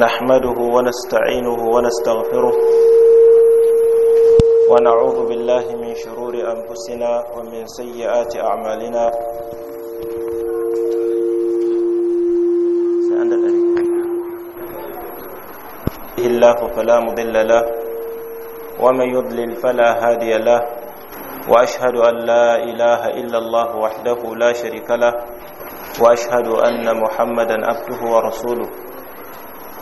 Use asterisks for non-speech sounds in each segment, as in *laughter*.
نحمده ونستعينه ونستغفره ونعوذ بالله من شرور أنفسنا ومن سيئات أعمالنا الله فلا مضل له ومن يضلل فلا هادي له وأشهد أن لا إله إلا الله وحده لا شريك له وأشهد أن محمدا عبده ورسوله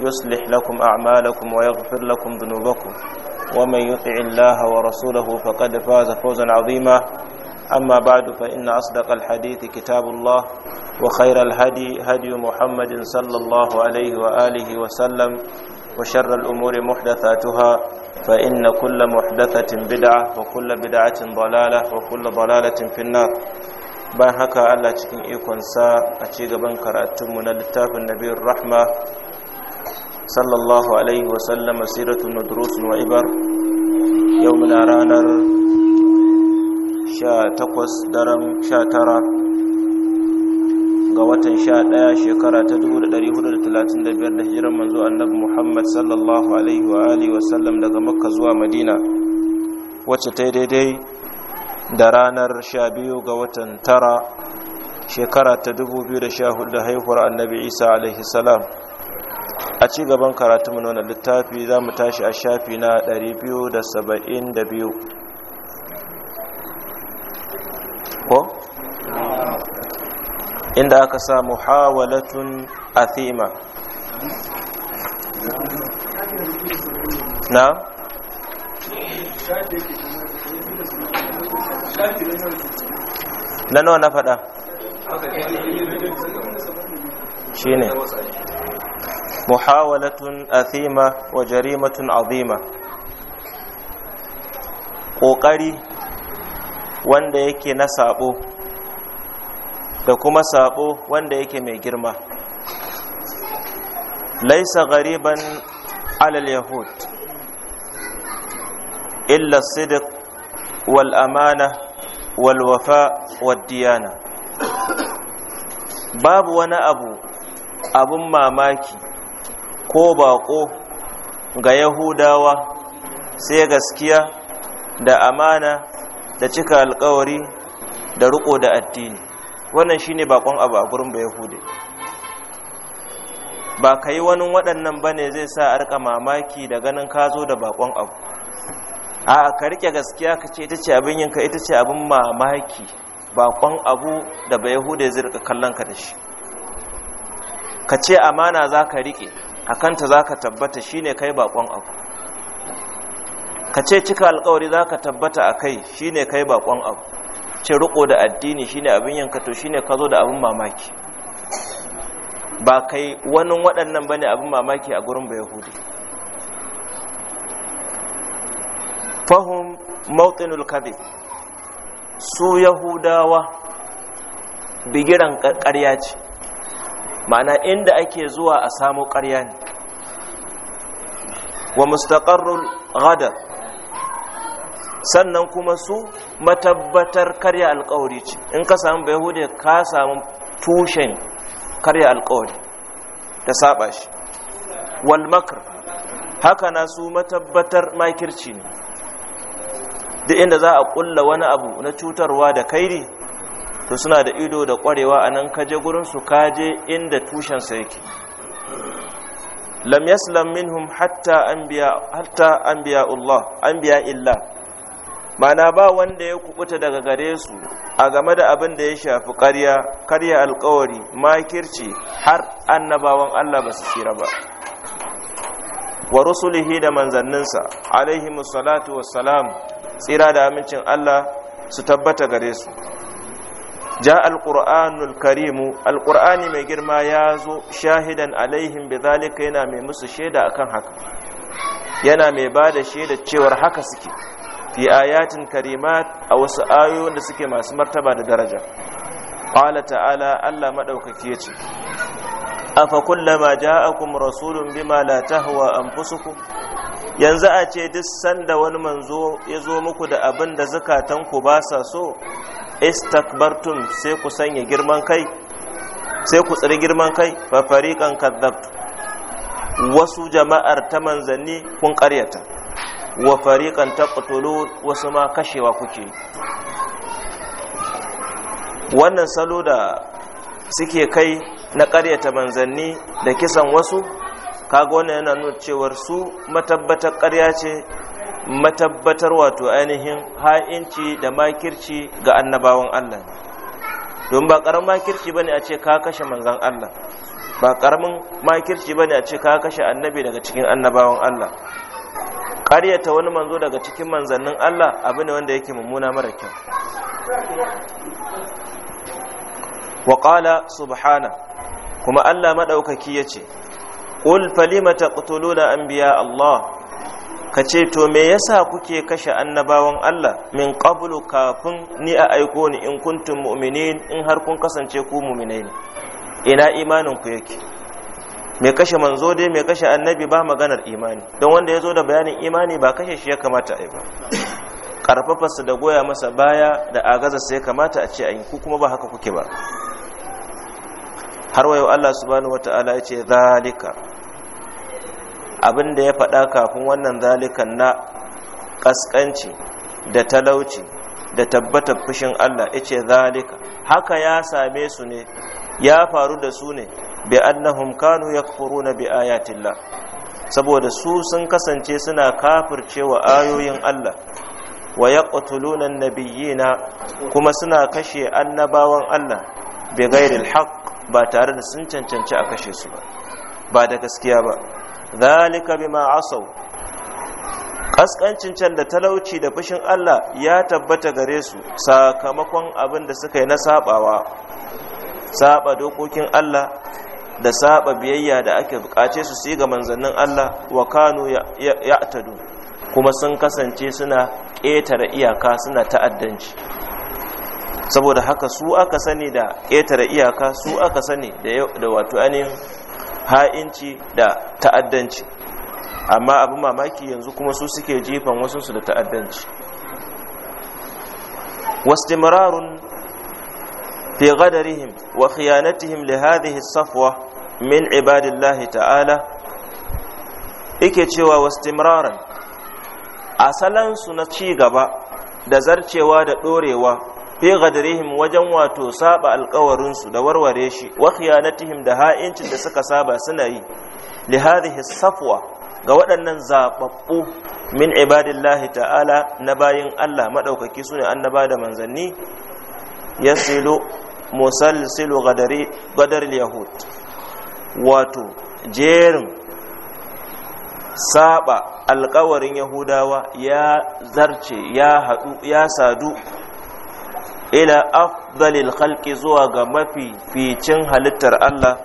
يصلح لكم أعمالكم ويغفر لكم ذنوبكم ومن يطع الله ورسوله فقد فاز فوزا عظيما أما بعد فإن أصدق الحديث كتاب الله وخير الهدي هدي محمد صلى الله عليه وآله وسلم وشر الأمور محدثاتها فإن كل محدثة بدعة وكل بدعة ضلالة وكل ضلالة في النار bayan haka Allah cikin ikonsa a ci gaban karatunmu na littafin nabiyar rahma صلى الله عليه وسلم سيرة ودروس وعبر يومنا رانر sha takwas daren sha tara ga watan sha ɗaya shekara ta dubu da ɗari hudu da talatin da biyar da hijiran manzo annabi muhammad sallallahu alaihi wa alihi wasallam daga makka zuwa madina wacce ta daidai da ranar sha biyu ga watan tara shekara ta dubu biyu da sha hudu da haihuwar annabi isa alaihi salam a ci gaban karatunmu nuna wannan littafi za mu tashi a shafi na 272 ko? inda aka sa muhawalatun athima na? na nawa na faɗa? shi ne muhawalatun athima wa jarimatun azima ƙoƙari wanda yake na sabo da kuma sabo wanda yake mai girma laisa gariban alal yahud illa sidiq wal amana wal wafa wal diyana babu wani abu abun mamaki ko baƙo ga yahudawa sai gaskiya da amana da cika alkawari da ruko da addini wannan shine bakon abu a gurin ba yahude ba ka yi wani waɗannan ba ne zai sa a rika mamaki da ganin ka zo da bakon abu a ka rike gaskiya ka ce ita ce abin yinka ita ce abin mamaki bakon abu da ba yahude zai rika kallon ka da shi ka ce amana za ka rike a kanta za ka tabbata shi ne kai bakon abu ka ce cika alkawari za ka tabbata a kai shi ne kai bakon abu ce riko da addini shi ne abin yankato ne ka zo da abin mamaki ba kai wani waɗannan ba ne abin mamaki a gurin ba yahudi fahim mautinul kadhib su yahudawa bigiran ƙarya ce ma'ana inda ake zuwa a samu ƙarya ne wa mustaqarrul ghadar sannan kuma su matabbatar karya alkawari ce in ka samu bayahude ka samu tushen karya alkawari da saba shi wal haka na su matabbatar makirci ne duk inda za a kulla wani abu na cutarwa da kairi to suna da ido da kwarewa a nan kaje gurinsu kaje inda tushensa yake lam yaslam minhum hatta anbiya hatta anbiya Allah anbiya illa mana ba wanda ya kubuta daga gare su a game da abin da ya shafi ƙarya ƙarya alƙawari makirci har annabawan Allah ba su tsira ba wa rusulihi da manzanninsa alaihi salatu wassalam tsira da amincin Allah su tabbata gare su ja alƙur'anul karimu alƙur'ani mai girma ya zo shahidan alaihim bi yana mai musu shaida akan haka yana mai ba da shaida cewar haka suke fi ayatin karimat a wasu ayoyin da suke masu martaba da daraja qala ta'ala Allah madaukaki yace afa kullama ja'akum rasulun bima la tahwa anfusukum yanzu a ce duk sanda wani manzo ya zo muku da abin da zukatanku ba sa so istakbartum sai ku sanya girman kai sai ku tsiri girman kai fa fariqan kadzabtu wasu jama'ar ta manzanni kun ƙaryata wa fariqan taqtulu wasu ma kashewa kuke wannan salo da suke kai na ƙaryata manzanni da kisan wasu kaga wannan yana nuna cewar su matabbatar ƙarya ce matabbatar wato ainihin ha'inci da makirci ga annabawan Allah don ba ƙaramin makirci bane a ce ka kashe manzan Allah ba ƙaramin makirci bane a ce ka kashe annabi daga cikin annabawan Allah ƙaryata wani manzo daga cikin manzannin Allah abu ne wanda yake mummuna mara kyau wa qala subhana kuma Allah madaukaki yace qul falima an biya, Allah ka ce to me yasa kuke kashe annabawan Allah min qablu kafin ni a aiko ni in kuntum mu'minin in har kun kasance ku mu'minai ne ina imanin ku yake me kashe manzo dai me kashe annabi ba maganar imani don wanda ya zo da bayanin imani ba kashe shi ya kamata a yi ba su da goya masa baya da agazarsa ya kamata a ce a yi ku kuma ba haka kuke ba har wayo Allah subhanahu wataala ya ce zalika abin da ya faɗa kafin wannan zalikan na ƙasƙanci da talauci da tabbatar fushin Allah ice zalika haka ya same su ne ya faru da su ne bi annahum kanu yakfuruna bi ayatillah saboda su sun kasance suna kafircewa ayoyin Allah wa yaqtuluna nabiyina kuma suna kashe annabawan Allah bi ghairil haqq ba tare da sun cancanci a kashe su ba ba da gaskiya ba zalika bima asaw kaskancin can da talauci da fushin Allah ya tabbata gare su sakamakon abin da suka yi na sabawa saba dokokin Allah da saba biyayya da ake bukace su su ga manzannin Allah wa kanu ya'tadu kuma sun kasance suna ƙetare iyaka suna ta'addanci saboda haka su aka sani da ƙetare iyaka su aka sani da wato ainihin ha'inci da ta'addanci amma abin mamaki yanzu kuma su suke jefan wasu da ta'addanci fi gadarihim wa khiyanatihim li hadhihi safwa min ibadillahi ta'ala. ike cewa wastimraran asalansu na ci gaba da zarcewa da ɗorewa fi gadarihim wajen wato saba alkawarinsu da warware shi wa khiyanatihim da ha'incin da suka saba suna yi li hadhihi safwa ga waɗannan zababbu min ibadillahi ta'ala na bayin Allah madaukaki sune annaba da manzanni yasilu musalsilu gadari gadar yahud wato jerin saba alkawarin yahudawa ya zarce ya haɗu ya sadu ila afdalil khalqi zuwa ga mafi ficin halittar Allah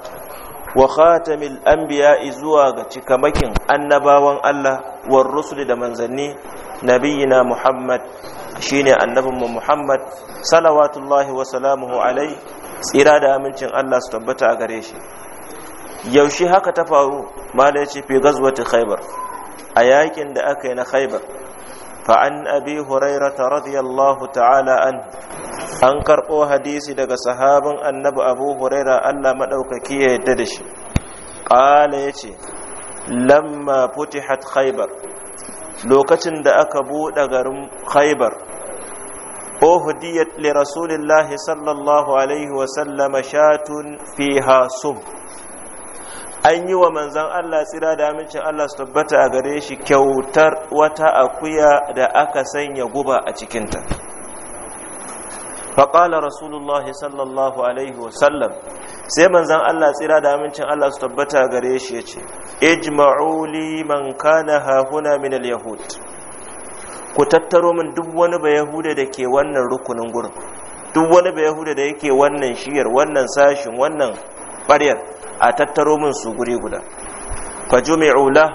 wa khatamil anbiya zuwa ga cikamakin annabawan Allah war rusuli da manzanni nabiyina Muhammad shine annabinmu Muhammad salawatullahi wa salamuhu alai tsira da amincin Allah su tabbata a gare shi yaushe haka ta faru malai ce fi gazwati khaybar a yakin da aka yi na khaybar فعن أبي هريرة رضي الله تعالى an karɓo hadisi daga sahabin annabi abu allah maɗaukaki ya yadda da shi ƙala ya ce lamma futihat khaibar lokacin da aka buɗe garin khaibar uhudiyat li rasulillahi sallallahu alaihi wasallama shatun fiha sum an yi wa manzan Allah tsira da amincin Allah su tabbata a gare shi kyautar wata akuya da aka sanya guba a cikinta faƙala rasulullah sallallahu alaihi wasallam sai manzan Allah tsira da amincin Allah su tabbata a gare shi ya ce ijma'uli man kana hahuna min al-yahud ku tattaro min duk wani ba yahuda da ke wannan rukunin gurin duk wani ba yahuda da yake wannan shiyar wannan sashin wannan ɓaryar a tattaro min su guri guda fa jumi'u la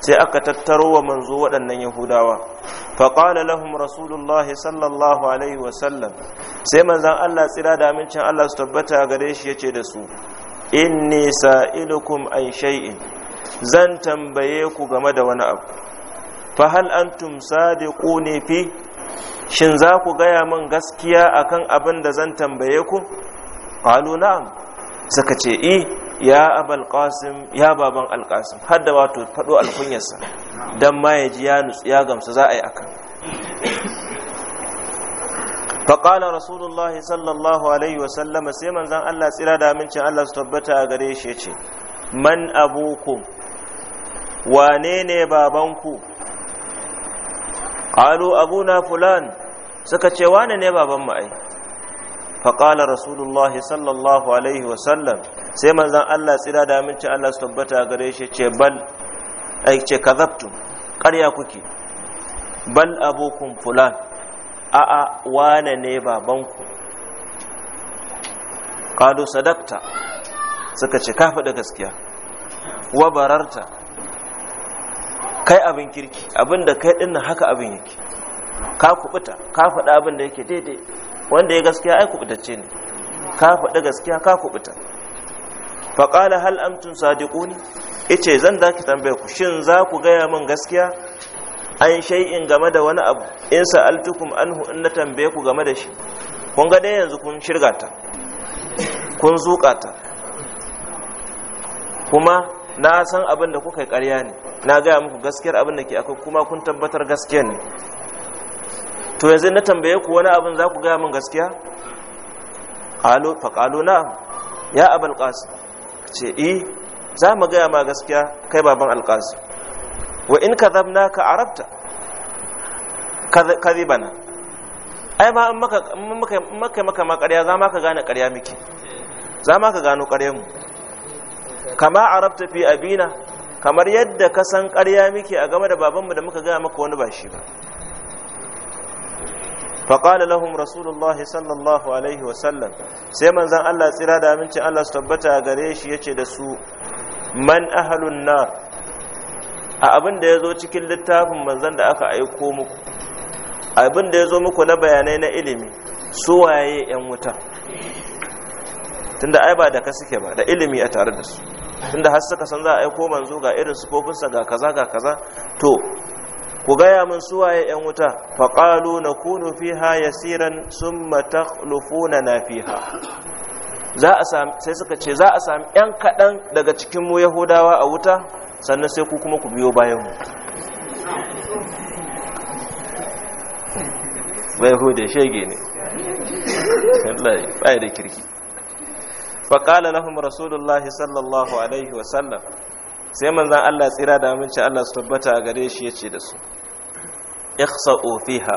sai aka tattaro wa manzo waɗannan yahudawa faƙala lahum rasulullahi sallallahu alaihi wa sallam sai manzan allah tsira da amincin allah su tabbata gare shi yace da su inni sa'ilukum ay shay'in zan tambaye ku game da wani abu fa hal antum sadiquni fi shin za ku gaya min gaskiya akan abin da zan tambaye ku qalu na'am suka ce i eh, ya abal qasim ya baban alqasim har da wato fado alkunyarsa dan ma ya ji ya nutsu ya gamsu za a yi aka faƙala rasulullah sallallahu alaihi wasallama sai manzan allah tsira da amincin allah su tabbata a gare shi ce man abukum wane ne babanku ƙalu abuna fulan suka ce wane ne baban ai faƙala rasulullah sallallahu alaihi wasallam sai manzan allah tsira da aminci allah su tabbata gare shi ce bal اي تشي kazabtu قريا kuke bal ابوكم فلان a'a wane ne babanku قالوا صدقت suka ce ka da gaskiya wa kai abin kirki abin da kai ɗin haka abin yake ka kubuta ka faɗa abin da yake daidai wanda ya gaskiya ai kubutacce ne ka faɗi gaskiya ka kubuta faƙala hal amtun sadiquni ice zan da ki tambaye ku shin za ku gaya min gaskiya an shay'in game da wani abu in sa'altukum anhu in na tambaye ku game da shi kun ga dai yanzu kun shirga ta kun zuƙa ta kuma na san abin da kuka yi ƙarya ne na gaya muku gaskiyar abin da ke akwai kuma kun tabbatar gaskiya ne to yanzu na tambaye ku wani abin za ku gaya min gaskiya faƙalo na ya abu ƙasi ce i eh, za mu gaya ma gaskiya kai baban alƙasi wa in ka zamna ka arabta ka zibana ai ma in maka maka ma ƙarya za ma ka gane ƙarya miki za ma ka gano ƙarya mu kama arabta fi abina kamar yadda ka san ƙarya miki a game da babanmu da muka gaya maka wani ba shi ba faƙala lahum rasulullahi sallallahu alaihi wa sallam sai manzan allah tsira da amincin allah su tabbata gare shi ya ce da su man ahalun nar a abin da ya zo cikin littafin manzan da aka aiko muku abin da ya zo muku na bayanai na ilimi su waye 'yan wuta tunda ai ba da ka suke ba da ilimi a tare da su tunda har suka san za a aiko manzo ga irin su sufofinsa ga kaza ga kaza to ku gaya min suwaye yan wuta faƙalu na kunu fiha yasiran sun matakhlufuna na fiha sai suka ce za a sami yan kaɗan daga cikin mu yahudawa a wuta sannan sai ku kuma ku biyo bayan mu bai hude shege ne wallahi bai da kirki faƙala lahum rasulullahi sallallahu alaihi wasallam sai manzan Allah tsira da aminci Allah su tabbata a gare shi ya ce da su ikhsa'u fiha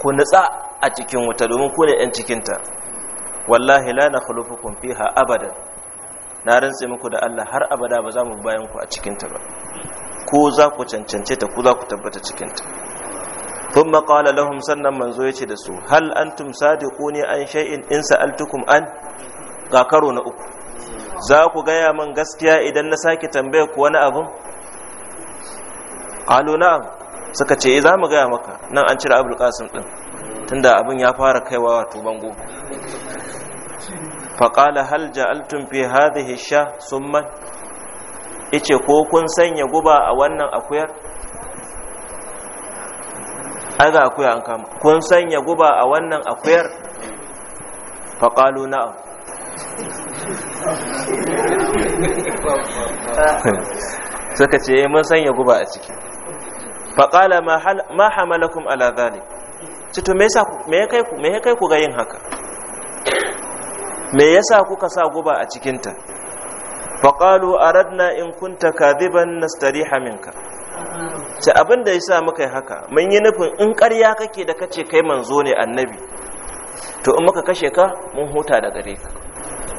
ku nutsa a cikin wuta domin ku ne 'yan cikinta wallahi la nakhlufukum fiha abadan na rantse muku da Allah har abada ba za mu bayan ku a cikinta ba ko za ku cancance ta ku za ku tabbata cikinta Tun maƙala lahum sannan manzo yace da su hal antum sadiquni an shay'in in sa'altukum an ga karo na uku za ku gaya man gaskiya idan na sake tambaya ku wani abin? qalu na'am suka ce eh, za mu gaya maka nan an cire abul kasim din tunda abin ya fara kaiwa wato bango faƙala hal ja'altum fi hadhihi sha summan yace ko kun sanya guba a wannan akuyar aga akuya an kama kun sanya guba a wannan akuyar faƙalu na'am *laughs* suka ce eh, mun sanya guba a ciki faƙala ma hamalakum ala zalik cito me ya kai ku ga yin haka me ya sa kuka sa guba a cikinta faƙalu aradna in kunta kadiban nastari minka ci abin da ya sa muka yi haka mun yi nufin in ƙarya kake da kace kai manzo ne annabi to in muka kashe ka mun huta da gare ka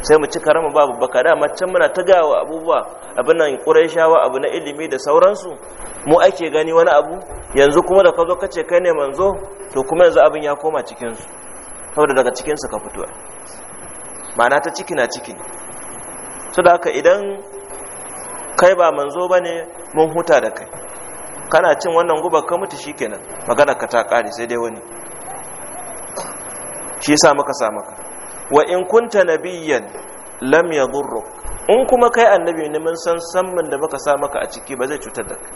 sai mu ci karama babu baka dama can muna ta abubuwa abin nan ƙurayshawa abu na ilimi da sauransu mu ake gani wani abu yanzu kuma da ka zo kace kai ne manzo to kuma yanzu abin ya koma cikinsu saboda daga cikinsu ka fito ma'ana ta ciki na ciki su da haka idan kai ba manzo ba ne mun huta da kai kana cin wannan guba ka mutu shikenan magana ka ta kare sai dai wani shi sa muka sa maka wa in kunta nabiyyan lam yadurruk in kuma kai annabi ne mun san samman da baka sa maka a ciki ba zai cutar da kai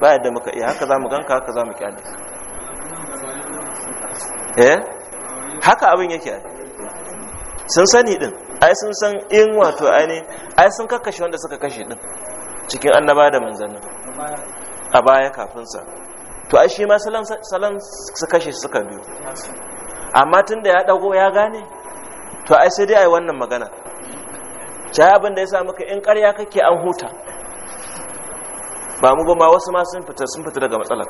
ba yadda muka iya haka zamu ganka haka zamu kyale eh haka abin yake sun sani din ai sun san in wato ai ne ai sun kakkashe wanda suka kashe din cikin annaba da manzanni a baya kafin sa to ai shi ma salan salan su kashe suka biyo amma tunda ya dago ya gane to ai sai dai ai wannan magana ta abin da ya sa maka in ƙarya kake an huta ba mu ba ma wasu ma sun fita sun fita daga matsalar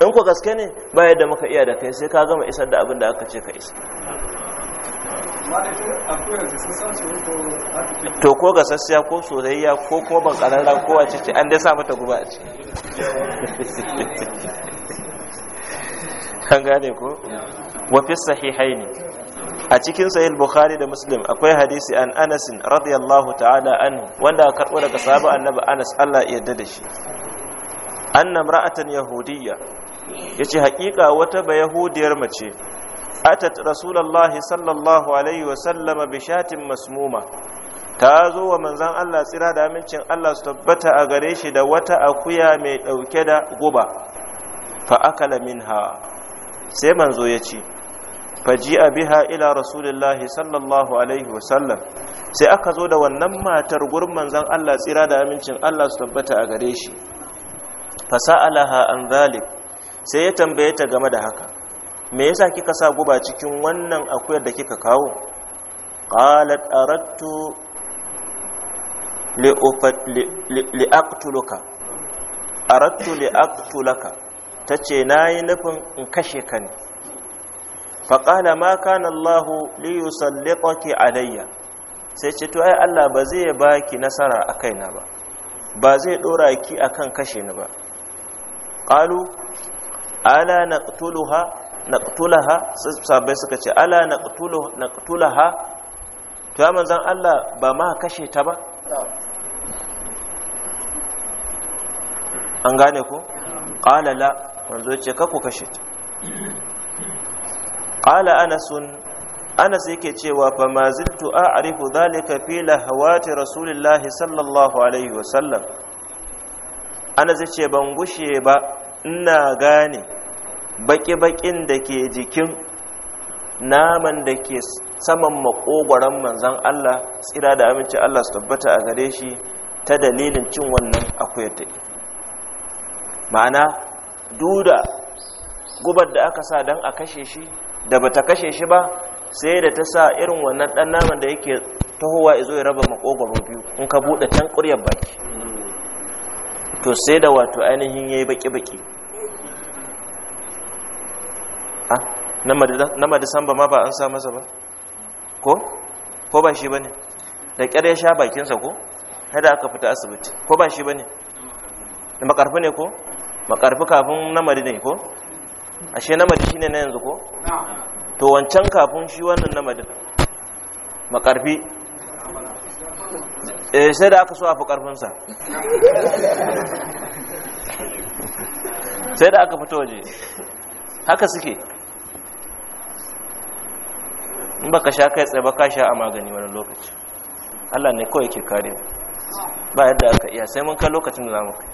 in ko gaske ne ba yadda muka iya da kai sai ka gama isar da abin da aka ce ka isa to ko ga sassiya ko soyayya ko kuma ban kararra ko wace ce an dai sa mata guba a ce *laughs* an gane ko wafi sahihai ne a cikin sahih bukhari da muslim akwai hadisi an anas radiyallahu ta'ala anhu wanda aka karbo daga sahabi annabi anas Allah ya yarda da shi anna imra'atan yahudiyya yace hakika wata ba yahudiyar mace atat rasulullahi sallallahu alaihi wa sallama bi shatin masmuma ta zo wa manzan Allah tsira da amincin Allah su tabbata a gare shi da wata akuya mai dauke da guba fa akala minha sai manzo ya ce a biha ila rasulillahi sallallahu alaihi wasallam sai aka zo da wannan matar gurman zan Allah tsira da amincin Allah su tabbata a gare shi fasa'alaha an zalik sai ya tambaye ta game da haka me yasa kika sa guba cikin wannan akuyar da kika kawo qalat aradtu li'aqtuluka aradtu li'aqtulaka tace nayi nufin in kashe ka ne فقال ma كان الله ليسلطك yusallitaki alayya sai ce to ai Allah ba zai baki nasara a kaina ba ba zai dora ki akan kashe ni ba qalu ala naqtuluha naqtulaha sabai suka ce ala naqtulu naqtulaha to ya manzon Allah ba ma kashe ta ba an gane ko qala la manzo ce ka ku kashe ta qala anasun anas yake cewa fa ma zittu a'rifu dhalika fi lahawati rasulillahi sallallahu alaihi wa sallam anas yace ban gushe ba ina gane baƙi-baƙin da ke jikin naman da ke saman makogwaron manzan Allah tsira da aminci Allah su tabbata a gare shi ta dalilin cin wannan akwai ma'ana duda gubar da aka sa don a kashe shi da ba ta kashe shi ba sai da ta sa irin wannan dan naman da yake tahowa izo ya raba makogoro biyu in ka bude can ƙuryar baki to sai da wato ainihin yayi baki baki ah na ba ma ba an sa masa ba ko ko ba shi bane da kyar ya sha bakinsa ko da aka fita asibiti ko ba shi bane makarfi ne ko makarfi kafin namari ne ko ashe namadi shine na yanzu ko to wancan kafin shi wannan namadin makarfi eh sai da aka so a fi karfinsa sai da aka fito waje haka suke in baka sha kai tsaye baka sha a magani wani lokaci Allah ne kawai ke kare ba yadda aka iya sai mun kai lokacin da zamu kai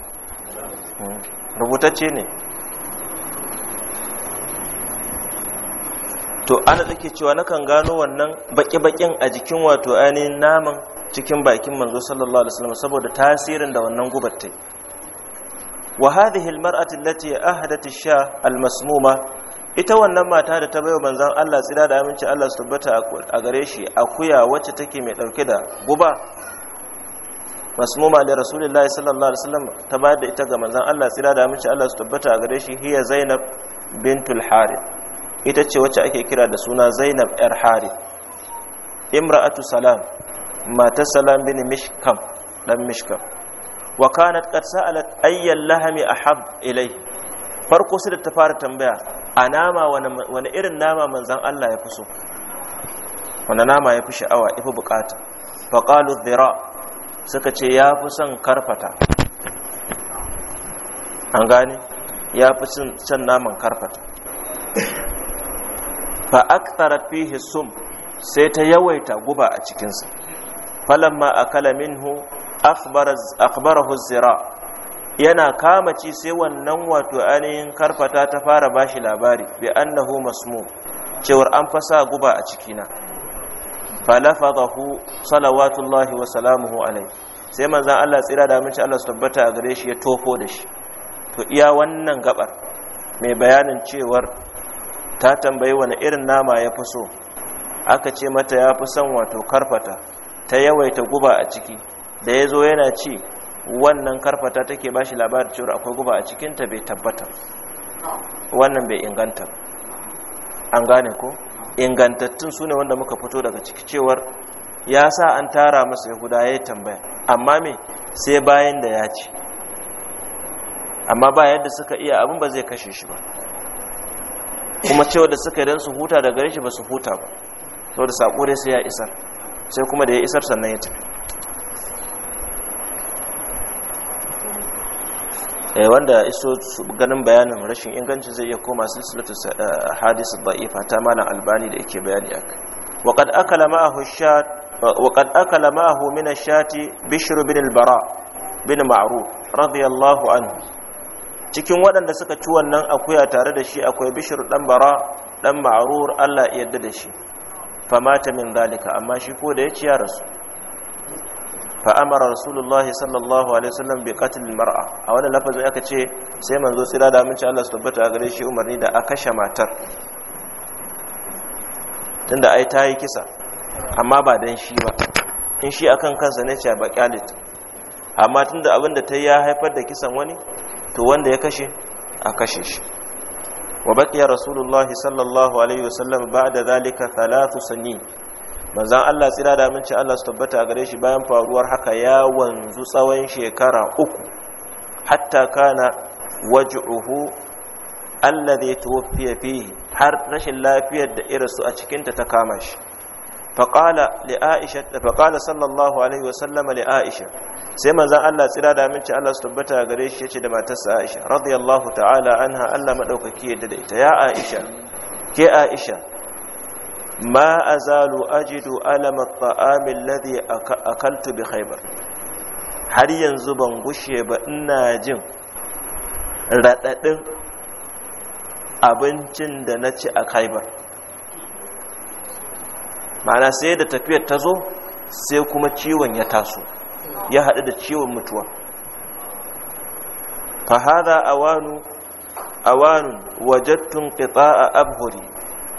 hmm. rubutacce ne to ana take cewa nakan gano wannan baki baƙin a jikin wato ainihin naman cikin bakin manzo sallallahu alaihi wasallam saboda tasirin da wannan gubar ta wa hadhihi almar'atu allati ahadat ash-sha almasmuma ita wannan mata da ta bayo manzon Allah tsira da aminci Allah su tabbata a gare shi akuya wacce take mai dauke da guba masmuma da rasulullahi sallallahu alaihi wasallam ta bayar da ita ga manzon Allah tsira da aminci Allah su tabbata a gare shi hiya zainab bintul harith ita ce wacce ake kira da suna zainab yar hari imra'atu salam matar salam bin mishkam dan mishkam wa kanat qad sa'alat ayyal lahmi ahab ilayhi farko sai da ta fara tambaya a nama wani irin nama manzan Allah ya fi so wani nama ya fi sha'awa ya fi bukata qalu dhira suka ce ya fi son karfata an gane ya fi son naman karfata fa aktara fihi sum sai ta yawaita guba a cikinsa falamma akala minhu akhbarahu zira yana kama ci sai wannan wato ainihin karfata ta fara bashi labari bi annahu masmu cewar an fasa guba a cikina falafadahu salawatullahi wa salamuhu alai sai manzan Allah tsira da aminci Allah su tabbata a gare shi ya tofo da shi to iya wannan gabar mai bayanin cewar ta tambayi wani irin nama ya fi so aka ce mata ya fi son wato karfata ta yawaita guba a ciki da ya zo yana ci wannan karfata take ba shi labarin cewar akwai guba a cikinta bai tabbata wannan bai inganta an gane ko ingantattun su ne wanda muka fito daga ciki cewar ya sa an tara masa guda ya yi tambaya amma me sai bayan da ya ci amma ba yadda suka iya abin ba zai kashe shi ba kuma cewa da suka don su huta daga gare shi ba su huta ba da sako dai sai ya isar sai kuma da ya isar sannan ya tafi eh wanda iso ganin bayanin rashin inganci zai iya koma silsilatu eh, hadis da'ifa ta malam albani da yake bayani aka waqad akala ma'ahu shat waqad akala ma'ahu min ash-shati Bishiru bin al-bara bin ma'ruf radiyallahu anhu cikin waɗanda suka ci wannan akuya tare da shi akwai bishir ɗan bara ɗan ma'arur Allah yadda da shi famata min zalika amma shi ko da ya ci ya rasu fa amara rasulullahi sallallahu alaihi wasallam bi qatl mar'a a wannan lafazi aka ce sai manzo sai da ci Allah su tabbata a gare shi umarni da a kashe matar tunda ai ta yi kisa amma ba dan shi ba in shi akan kansa ne ce ba kyalit amma tunda abin da ta ya haifar da kisan wani to wanda ya kashe a kashe shi wa baqiya rasulullah sallallahu alaihi wasallam ba'da zalika thalathu sani manzon Allah tsira da aminci Allah su tabbata a gare shi bayan faruwar haka ya wanzu tsawon shekara uku hatta kana waj'uhu alladhi tuwfiya fihi har rashin lafiyar da irinsu a cikinta ta kama shi faƙala sallallahu alaihi wasallama li'aisha sai manzan Allah tsira da aminci Allah su tabbata gare shi yace da matarsa Aisha radiyallahu ta'ala anha Allah maɗaukaki, yadda da ita ya Aisha ke Aisha Ma'azalu, azalu ajidu alama at-ta'am alladhi akaltu bi khaybar har yanzu ban gushe ba ina jin raɗaɗin abincin da na ci a khaybar ma'ana sai da tafiyar ta zo sai kuma ciwon ya taso ya haɗu da ciwon mutuwa fahada awanu awanun wajattun a abhuri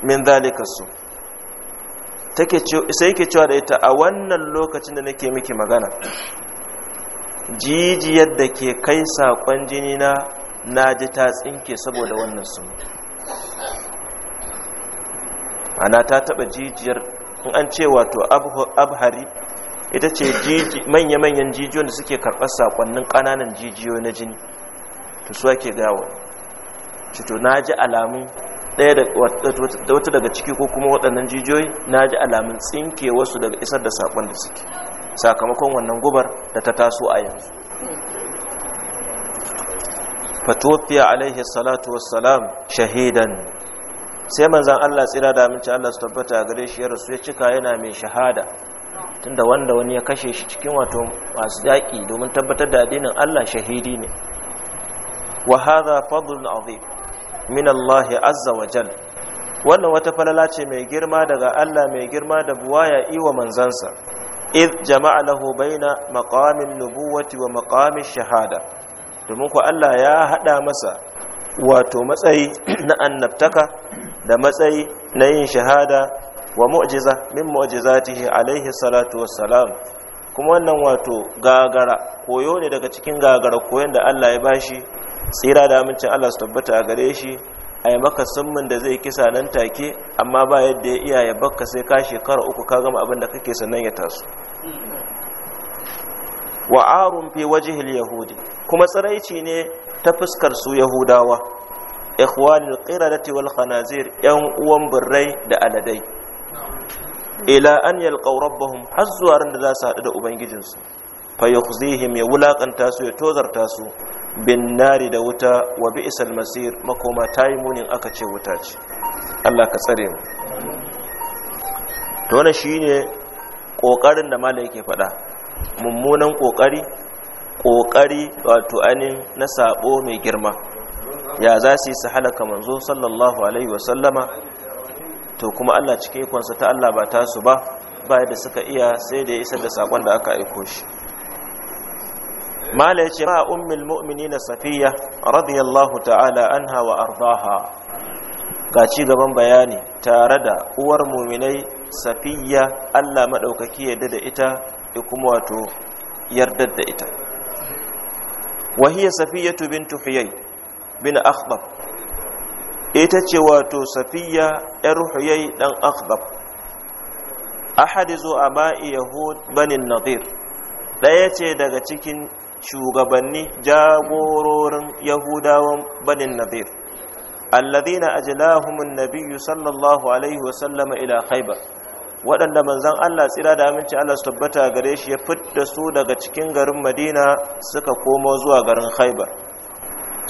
min dhalika su sai ke cewa da ita a wannan lokacin da nake miki magana jijiyar da ke kai saƙon jini na na ji ta tsinke saboda wannan sun ana ta taɓa jijiyar in an ce wato abhari ita ce manya-manyan jijiyoyin da suke karɓar saƙonnin ƙananan jijiyoyi na jini to su ake gawa cito na ji alamun ɗaya da wata daga ciki ko kuma waɗannan jijiyoyi na ji alamun tsinke wasu daga isar da saƙon da suke sakamakon wannan gubar da ta taso a yanzu fatofiya alaihi salatu wassalam shahidan sai manzan Allah tsira da aminci Allah su tabbata gare shi ya rasu ya cika yana mai shahada tunda wanda wani ya kashe shi cikin wato masu yaƙi domin tabbatar da addinin Allah shahidi ne wa hadha fadlun azim min Allah azza wa jal wannan wata falala ce mai girma daga Allah mai girma da buwaya iwa manzansa iz jama'a lahu baina maqamin nubuwati wa maqamin shahada domin ku Allah ya hada masa wato matsayi na annabtaka da matsayi na yin shahada wa mu'jiza min mu'jizatihi alaihi salatu wassalam kuma wannan wato gagara koyo ne daga cikin gagara koyon da Allah ya bashi tsira da amincin Allah su tabbata a gare shi a yi maka summin da zai kisa nan take amma ba yadda ya iya ya bakka sai ka shekara uku ka gama abin da kake sannan ya taso wa arun fi al yahudi kuma tsiraici ne ta fuskar su yahudawa ikhwanul qiradati wal khanazir yan uwan birrai da aladai ila an yalqaw rabbahum har da za su haɗu da ubangijinsu fa ya wulakanta su ya tozarta su bin nari da wuta wa bi'sal masir makoma tayi munin aka ce wuta ce Allah ka tsare mu to wannan shine kokarin da malai yake faɗa mummunan kokari kokari wato anin na sabo mai girma ya za su yi su halaka manzo sallallahu alaihi wasallama to kuma Allah cike ikonsa ta Allah ba ta su ba ba da suka iya sai da ya isar da sakon da aka aiko shi mala yace ba ummul na safiya radiyallahu ta'ala anha wa ardaha ga ci gaban bayani tare da uwar mu'minai safiya Allah madaukaki ya da ita da kuma wato yardar da ita وهي سفية بنت حيي bin akhdab ita ce wato safiya yar huyai dan akhdab ahadizu aba'i yahud banin nadir ɗaya ce daga cikin shugabanni jagororin yahudawan banin nadir alladhina an Nabiyu sallallahu alaihi wa sallam ila khaybar waɗanda manzan Allah tsira da aminci Allah su tabbata gare shi ya fitta su daga cikin garin Madina suka komo zuwa garin Khaibar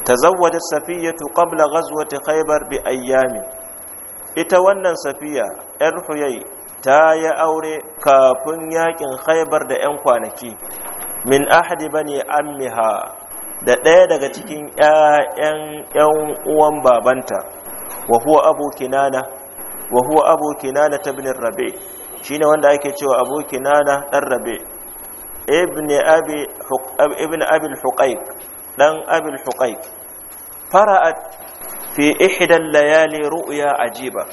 tazawwaja safiyatu qabla ghazwati khaybar bi ayyami ita wannan safiya yar huyai ta yi aure kafin yakin khaybar da yan kwanaki min ahadi bani ammiha da ɗaya daga cikin ƴaƴan ƴan uwan babanta wa huwa abu kinana wa huwa abu kinana ibn rabi shine wanda ake cewa abu kinana dan rabi ibn abi ibn abi al-huqaiq dan abul huqayq fara'at fi al layali ru'ya ajiba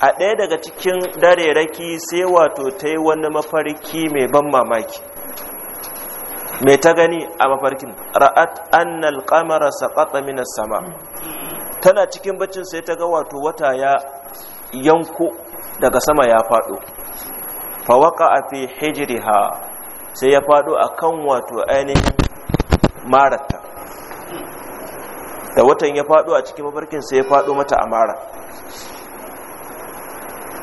a ɗaya daga cikin dare raki sai wato ta wani mafarki mai ban mamaki mai ta gani a mafarkin ra'at al qamara saqata as sama tana cikin baccin sai ta ga wato wata ya yanko daga sama ya faɗo fa a fi hijiriha sai ya faɗo a kan wato ainihin mararta da watan ya fado a cikin mafarkin sai ya fado mata a mara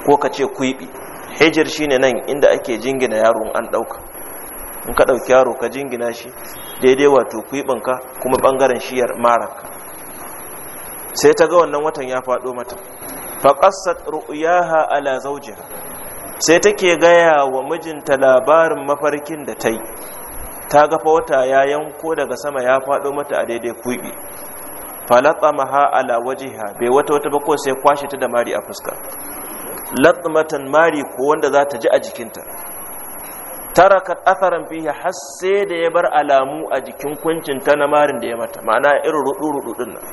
ko ka ce kuibi hijir shine nan inda ake jingina yaro an dauka in ka dauki yaro ka jingina shi daidai wato kuibinka kuma bangaren shiyar mararka sai ta ga wannan watan ya fado mata faqassat ru'yaha ala zawjiha sai take gaya wa mijinta labarin mafarkin da ta yi ta ga wata ya yanko daga sama ya faɗo mata a daidai kuɓi falatamaha ala wajiha bai wata wata bako sai kwashe ta da mari a fuska latmatan mari ko wanda za ta ji a jikinta tarakat atharan fihi har sai da ya bar alamu a jikin kuncin ta na marin da ya mata ma'ana irin rudu rudu din nan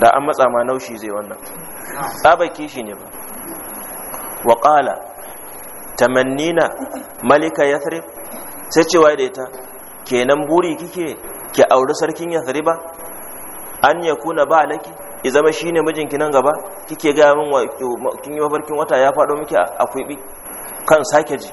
da an matsa ma naushi zai wannan tsabaki shi ne ba wa qala tamannina malika yathrib sai cewa da ita kenan buri kike ki auri sarkin yathriba an ya kuna ba laki ya zama shi ne mijinki nan gaba kike gaya min kin yi mafarkin wata ya faɗo miki a kwiɓi kan sake ji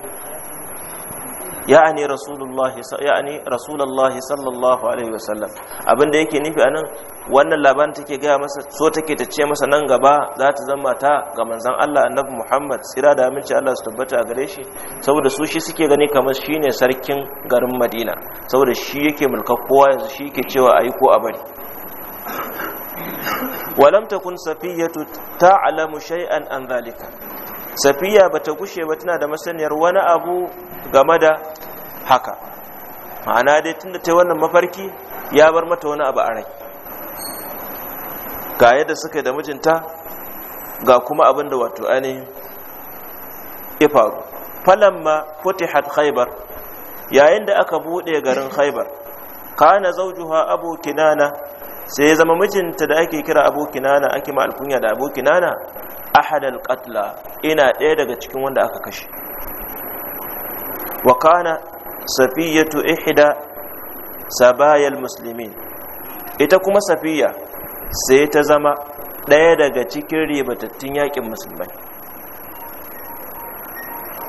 ya'ani rasulullahi ya'ani rasulullahi sallallahu alaihi wasallam abin da yake nufi anan wannan labarin take gaya masa so take ta ce masa nan gaba za ta zama ta ga manzon Allah annabi Muhammad sira da aminci Allah su tabbata a gare shi saboda su shi suke gani kamar shine sarkin garin Madina saboda shi yake mulka kowa yanzu shi yake cewa ayi ko a bari ولم تكن صفية تعلم شيئا عن ذلك safiya bata gushe ba tana da masaniyar wani abu game da haka ma'ana dai tunda ta wannan mafarki ya bar mata wani abu a rai ga yadda suka yi da mijinta ga kuma abin da wato ainihin ifaru falamma futihat haibar yayin da aka bude garin Khaibar, kana zaujuha abu kinana sai ya zama mijinta da ake kira abu kinana ake ma alkunya da abu kinana ahadal katla ina ɗaya daga cikin wanda aka kashe wa kana safiyatu ihda sabayal muslimin ita kuma safiya sai ta zama ɗaya daga cikin ribatattun yakin musulmai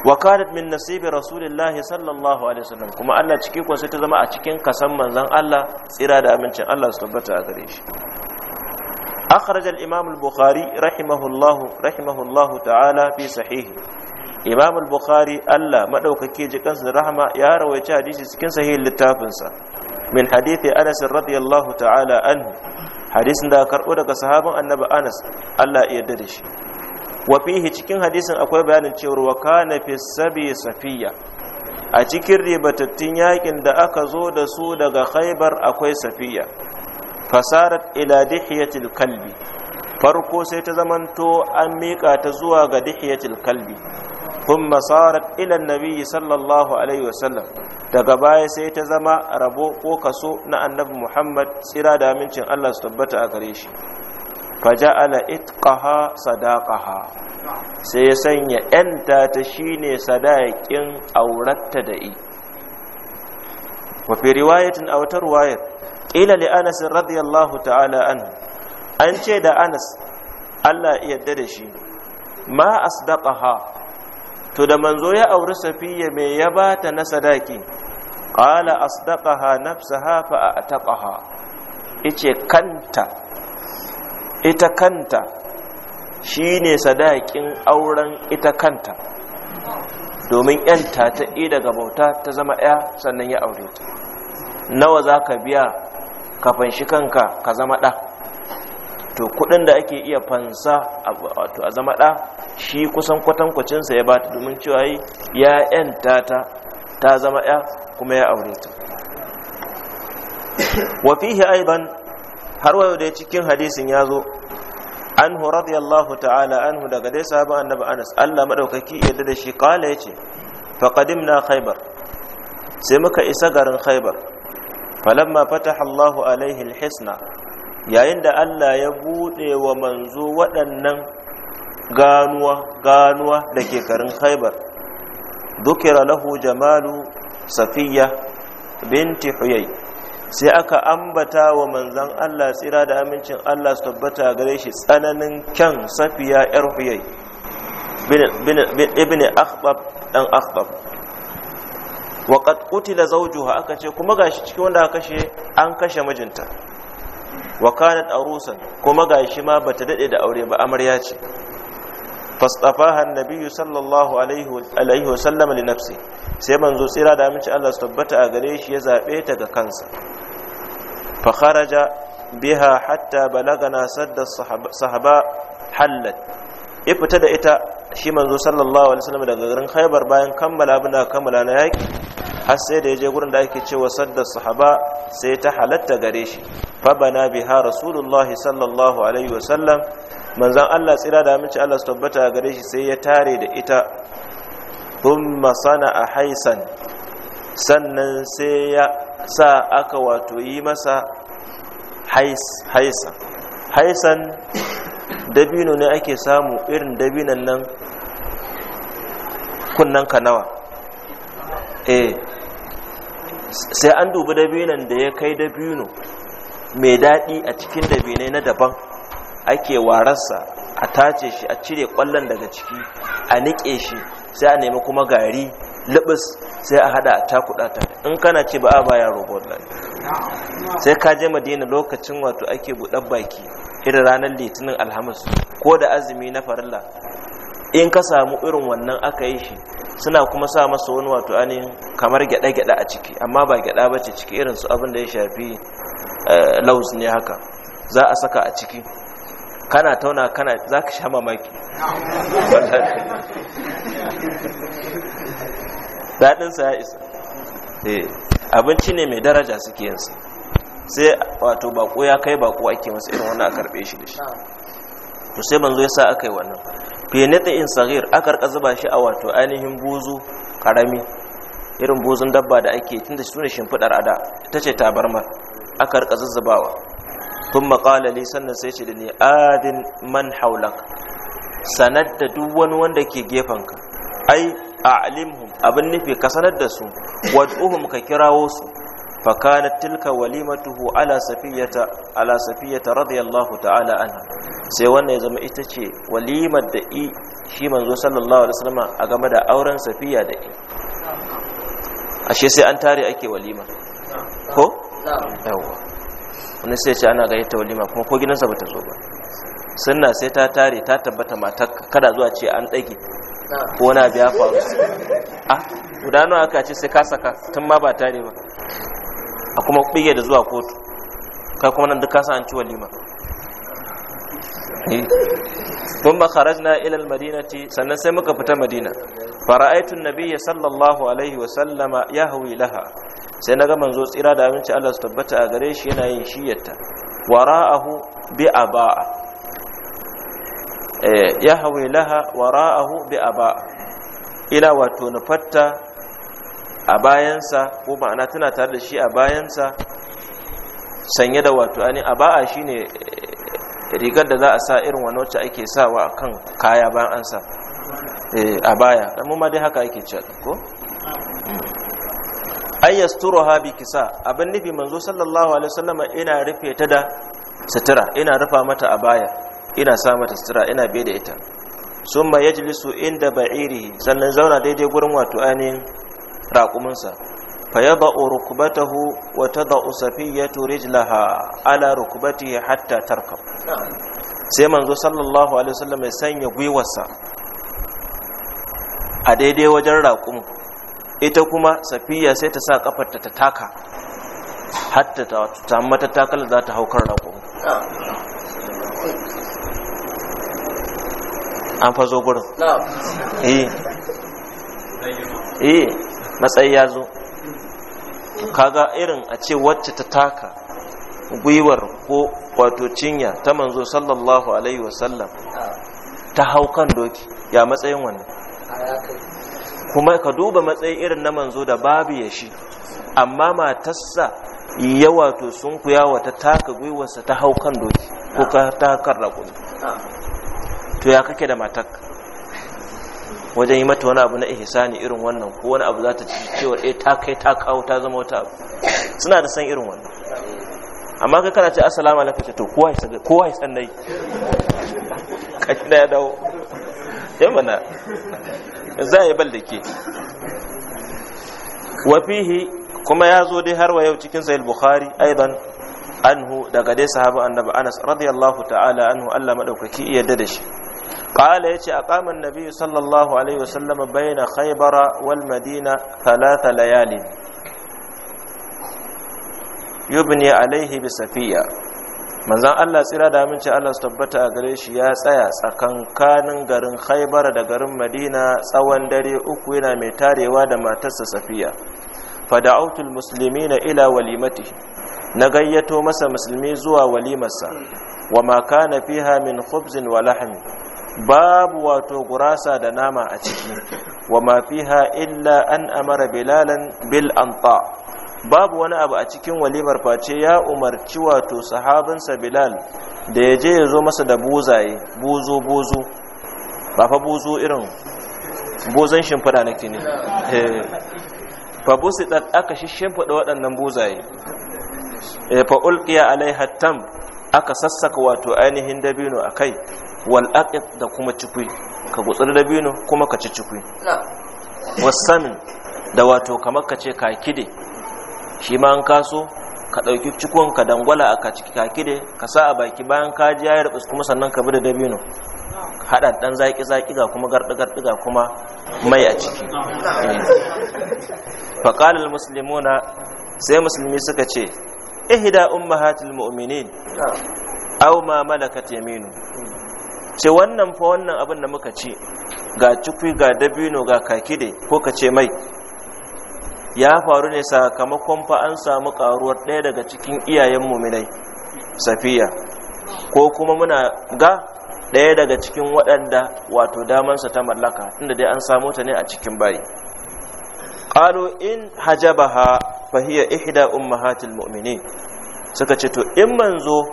wa kanat min nasibi rasulillahi sallallahu alaihi wasallam kuma Allah cike ko sai ta zama a cikin kasan manzon Allah tsira da amincin Allah su tabbata a gare shi أخرج الإمام البخاري رحمه الله رحمه الله تعالى في صحيحه إمام البخاري ألا مدوك كي جكنس رحمة يا روي حديث سكن صحيح للتابنسا من حديث أنس رضي الله تعالى عنه حديث دا كرؤو دك صحابة النبي أنس ألا يدرش وفيه cikin hadisin akwai bayanin cewa wa kana fi sabi safiya a cikin ribatattun yakin da aka zo da su daga khaybar akwai safiya fasarat ila dihiyatil kalbi farko sai ta zamanto an miƙa ta zuwa ga dihiyatil kalbi kuma sarat ila nabiyyi sallallahu alaihi wasallam daga baya sai ta zama rabo ko kaso na annabi muhammad tsira da amincin allah su tabbata a gare shi faja'ala itqaha sadaqaha sai ya sanya yanta ta shine sadaqin auratta da i wa fi riwayatin aw tarwayat ƙila li anas radiyallahu ta'ala anhu an ce da anas Allah yarda da shi ma asdaqaha to da manzo ya auri safiya me ya bata na sadaki qala asdaqaha nafsaha fa ataqaha ice kanta ita kanta shine sadakin auren ita kanta domin yanta ta i daga bauta ta zama ya sannan ya aure ta nawa zaka biya ka fanshi kanka ka zama ɗa to kuɗin da ake iya fansa a zama ɗa shi kusan kwatankwacinsa ya bata domin cewa yi ya ‘yanta ta ta zama ‘ya kuma ya aure ta *coughs* wafihi aiban har wayo da cikin hadisin ya zo anhu radiyallahu ta'ala anhu daga dai sabon annabi anas allah maɗaukaki yadda da shi kala ya ce na khaibar sai muka isa garin khaibar falamma fataha Allahu alaihi alhisna yayin da Allah ya bude wa manzo waɗannan ganuwa ganuwa da ke karin Khaibar dukira lahu jamalu safiya binti huyai sai aka ambata wa manzon Allah tsira da amincin Allah su tabbata gare shi tsananin kyan safiya yar huyai ibn akhbab dan akhbab wa qad qutila aka ce kuma gashi cikin wanda aka kashe an kashe mijinta wakanat arusan kuma gashi ma bata dade da aure ba amarya ce fastafaha annabiyyu sallallahu alaihi wa sallam li nafsi sai manzo tsira da amince Allah su tabbata a gare shi ya zabe ta ga kansa fa kharaja biha hatta balagana sadda sahaba hallat ya fita da ita shi manzo sallallahu alaihi wasallam daga garin Khaybar bayan kammala abin da kammala na yaki har sai da ya je gurin da ake cewa sadda sahaba sai ta halatta gare shi fa bana biha rasulullah sallallahu alaihi wasallam manzon Allah tsira da mace Allah su tabbata gare shi sai ya tare da ita thumma sana'a haisan sannan sai ya sa aka wato yi masa hais haisan haisan dabino ne ake samu irin dabinan nan kunnan kanawa eh sai an dubi dabinan da ya kai dabino mai daɗi a cikin dabinai na daban ake wararsa a tace shi a cire ƙwallon daga ciki a niƙe shi sai a nemi kuma gari libis sai a hada a cakuɗa ta in kana ce ba a baya robot sai ka je madina lokacin wato ake buɗar baki irin ranar litinin alhamis ko da azumi na farilla in ka samu irin wannan aka yi shi suna kuma sa masa wani wato ainihin kamar gyada-gyada a ciki amma ba gyada ba ce ciki irin su abin da ya shafi eh, laus ne haka za a saka a ciki kana tauna kana za ka sha mamaki daɗinsa ya isa eh, abinci ne mai daraja suke yansu sai wato bako ya kai bako ake masa irin wannan a karbe shi da shi to sai manzo sa aka yi wannan fenita in sagir aka rika zuba shi a wato ainihin buzu karami irin buzun dabba da ake tunda shi ne shimfidar ada ita ce tabarma. aka rika zuzzubawa Tun maƙala ne sannan sai ce da ni adin man haulak sanar da duk wani wanda ke gefenka ai a alimhum abin nufi ka sanar da su wad'uhum ka kirawo su فكانت تلك وليمته على سفية على Safiyata رضي الله تعالى عنها sai wannan ya zama ita ce walimar da i shi manzo sallallahu alaihi wasallam a game da auren safiya da i ashe sai an tare ake walima ko yawa wani sai ce ana gayyata walima kuma ko gidansa bata zo ba sunna sai ta tare ta tabbata matar kada zuwa ce an dage ko wani abu ya faru ah guda nawa aka ce sai ka saka tun ma ba tare ba a kuma bige da zuwa kotu kai kuma nan duka sa an ci walima kun eh. ba kharajna ilal madinati sannan sai muka fita madina Fara'aitun nabiya sallallahu alaihi wa sallama hawi laha sai na gama zo tsira da aminci Allah su tabbata a gare shi yana yin shiyarta wara'ahu bi eh, ya hawi laha wara'ahu bi ba'a, ila wato nufatta a bayansa ko ma'ana tana tare da shi a bayansa sanye da wato ani a ba'a shine eh, rigar da za a sa irin wani wacce ake sawa kan kaya bayan an sa eh, a baya dan mu ma dai haka ake cewa ko hmm. ay yasturuha bi kisa abin nufi manzo sallallahu alaihi wasallam ina rufe ta da sutura ina rufa mata a baya ina sa mata sutura ina bai da ita summa jilisu inda ba'iri sannan zauna daidai gurin wato ainihin raƙuminsa fayaba rukubatahu wa tada'u safiyatu rijlaha ala rukubatihi hatta tarkab sai manzo sallallahu alaihi wasallam ya sanya gwiwarsa a daidai wajen raƙum ita kuma safiya sai ta sa kafarta ta taka hatta ta samu takala za ta haukar raƙum an fazo gurin eh eh matsayi ya zo kaga irin a ce wacce ta taka gwiwar ko wato cinya ta manzo sallallahu alaihi wasallam ta hau kan doki ya matsayin wannan kuma ka duba matsayi irin na manzo da babu ya shi amma matarsa ya wato sun kuyawa ta taka gwiwarsa ta hau kan doki ko ka ta kan rakumi to ya kake da matarka wajen yi mata wani abu na ihsani irin wannan ko wani abu za ta ci cewa eh ta kai ta kawo ta zama wata abu suna da san irin wannan amma ka kana ce assalamu alaikum ce to kowa ya san kowa ya san dai *laughs* kashi ya dawo sai mana za a yi bal da ke wa fihi kuma ya zo dai har wa yau cikin sahih bukhari aidan anhu daga dai sahaba annabi anas radiyallahu ta'ala anhu Allah madaukaki yadda da shi قال يتي أقام النبي صلى الله عليه وسلم بين خيبر والمدينة ثلاث ليال يبني safiya. بسفية manzan Allah tsira da aminci Allah su tabbata a gare shi ya tsaya tsakankanin garin Khaibar da garin Madina tsawon dare uku yana mai tarewa da matarsa Safiya fada'autul muslimina ila walimati. na gayyato masa musulmi zuwa walimarsa wa ma kana fiha min khubzin wa lahmi babu wato gurasa da nama a ciki wa ma fiha illa an amara bilalan bil anta babu wani abu a cikin walimar face ya umarci wato sahabinsa bilal da ya je ya zo masa da buzaye buzo buzo ba fa buzo irin buzon shimfiɗa nake ne eh. fa busitat aka shimfiɗa waɗannan buzaye eh, fa ulqiya alaiha tam aka sassaka wato ainihin dabino kai. wal aqid da kuma cikui ka gutsuri dabino kuma ka ci cikwi wasamin da wato kamar ka ce kakide shi ma an kaso ka ɗauki cikon ka dangwala a kakide ka sa a baki bayan ka ji ya rubus kuma sannan ka bi da dabino haɗa ɗan zaƙi-zaƙi ga kuma garɗi-garɗi ga kuma mai a ciki faƙalar na, sai musulmi suka ce ihda ummahatul mu'minin aw ma malakat yaminu hmm. ce wannan fa wannan abin da muka ci ga cikwi ga dabino ga kakide ko ka ce mai ya faru ne sakamakon fa an samu karuwar ɗaya daga cikin iyayen muminai safiya ko kuma muna ga ɗaya daga cikin waɗanda wato damansa ta mallaka inda dai an samu ta ne a cikin bayi ƙalo in hajabaha fahiyar ihda ummahatil mu'mini suka ce to in manzo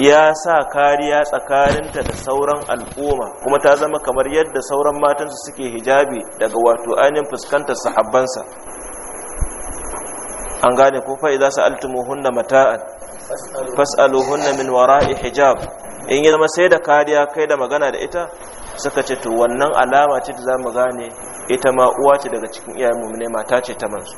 ya sa kariya tsakaninta da sauran al'umma kuma ta zama kamar yadda sauran matansu suke hijabi daga wato ainihin fuskantar sahabbansa an gane ko fa idza hunna mata'an fas'aluhunna min wara'i hijab in yi zama sai da kariya kai da magana da ita suka ce to wannan alama ce da zamu gane ita ma uwa ce daga cikin iyayen mu ne mata ce ta manzo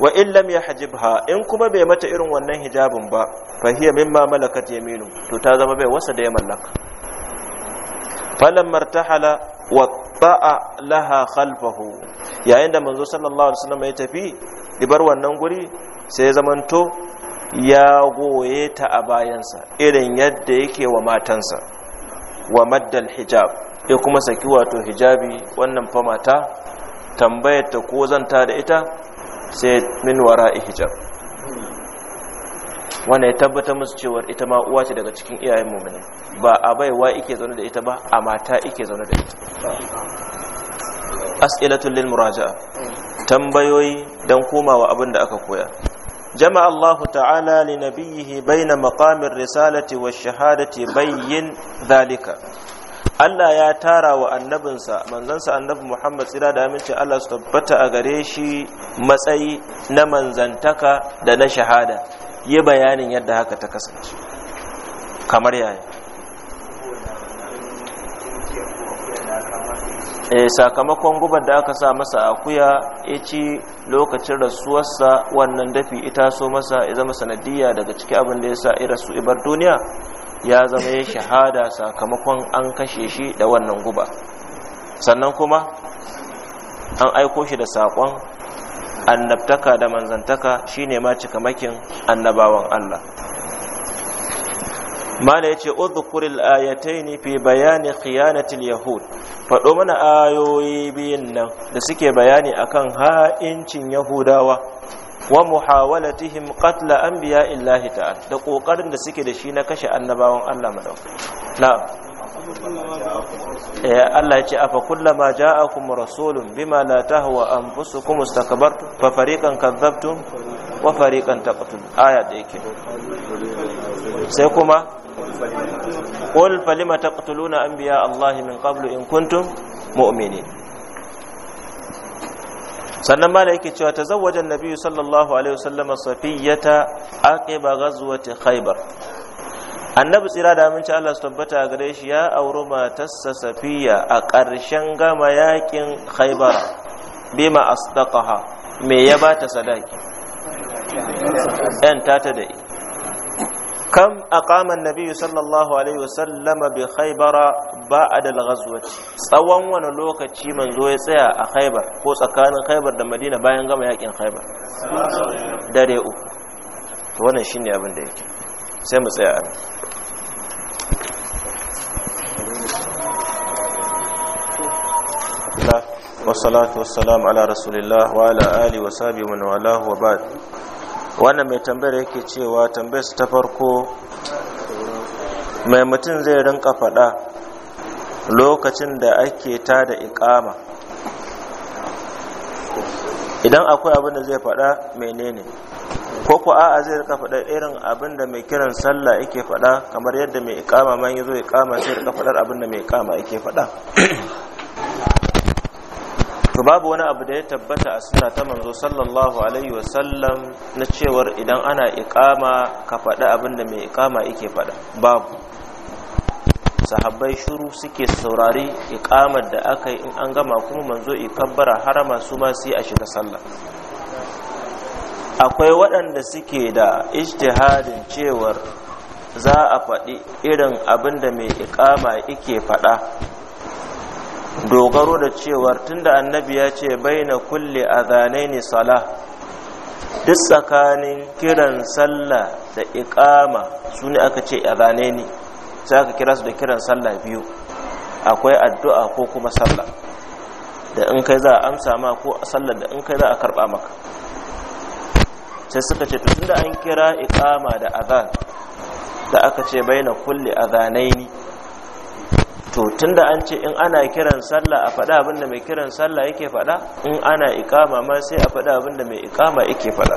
wa in lam yahjibha in kuma bai mata irin wannan hijabin ba fa hiya mimma malakat yaminu to ta zama bai wasa da ya mallaka falam martahala wa ta'a laha khalfahu yayin da manzo sallallahu alaihi wasallam ya tafi dibar wannan guri sai ya zamanto ya goye ta a bayansa irin yadda yake wa matansa wa maddal hijab ya kuma saki wato hijabi wannan fa mata tambayar ta ko zanta da ita sai min wara hijab wanda ya tabbata musu cewar ita ma uwa ce daga cikin iyayen mummuni ba a baiwa ike zaune da ita ba a mata ike zaune da ita as'ilatul lil muraja'a tambayoyi dan komawa abin da aka koya jama Allahu ta'ala li nabiyhi baina maqamir risalati wash shahadati bayyin dhalika Allah ya tara wa annabinsa manzansa annabi Muhammad tsira da aminci Allah su tabbata a gare shi matsayi na manzantaka da na shahada yi bayanin yadda haka ta kasance kamar yaya e, sakamakon gubar da aka sa masa akuya ya ci lokacin rasuwarsa wannan dafi ita so masa ya zama sanadiyya daga ciki abin da ya sa irasu ibar duniya ya zama ya shahada sakamakon an kashe shi da wannan guba sannan kuma an aiko shi da sakon annabtaka da manzantaka shine ma cikamakin annabawan Allah mala yace al'ayatai ne fi bayani khiyanatil yahud faɗo mana ayoyi biyun nan da suke bayani akan ha'incin yahudawa wa muhawalatihim qatla anbiya illahi ta'ala da kokarin da suke da shi na kashe annabawan Allah madaukakin na'am eh, Allah ya ce afa kullama ja'akum rasulun bima la tahwa anfusukum istakbartum fa fariqan kadzabtum wa fariqan taqtul aya da yake sai kuma qul falima taqtuluna anbiya Allah min qablu in kuntum mu'minin sannan ma da yake cewa ta zawajen nabi sallallahu alaihi wasallam safiyyata aqiba ghazwati khaybar annabi tsira da aminci Allah su tabbata gare shi ya auri matarsa safiya a ƙarshen gama yakin khaybar bima asdaqaha me ya ta sadaki yan tata da kam aqama annabi sallallahu alaihi wasallam bi khaybara ba'd al-ghazwah tsawon wani lokaci manzo ya tsaya a khaybar ko tsakanin haibar da madina bayan gama yakin haibar? dare uku to wannan shine abin da yake sai mu tsaya والصلاة والسلام على رسول الله وعلى آله وصحبه ومن والاه وبعد wannan mai tambayar yake cewa tambayar su ta farko mai mutum zai rinka faɗa lokacin da ake ta da ikama idan akwai abin da zai faɗa menene ko ku a'a zai rika faɗa irin abin da mai kiran sallah yake faɗa kamar yadda mai ikama man yazo ikama sai rika faɗar abin da mai ikama yake faɗa to babu wani abu da ya tabbata a suna ta manzo sallallahu alaihi wasallam na cewar idan ana ikama ka faɗi abin da mai ikama yake faɗa babu sahabbai shuru suke saurari ikamar da aka yi in an gama kuma manzo ikabbara harama su ma su yi a shiga sallah akwai waɗanda suke da ijtihadin cewar za a faɗi irin abinda mai ikama yake faɗa dogaro da cewar tunda annabi ya ce baina kulli adhanaini salah duk tsakanin kiran sallah da iqama su ne aka ce adhanaini sai aka kira su da kiran sallah biyu akwai addu'a ko kuma sallah da in kai za a amsa ma ko sallah da in kai za a karba maka sai suka ce tunda an kira iqama da azan da aka ce baina kulli adhanaini to tunda an ce in ana kiran sallah a faɗa abinda mai kiran sallah yake faɗa in ana ikama ma sai a faɗa abinda mai ikama yake faɗa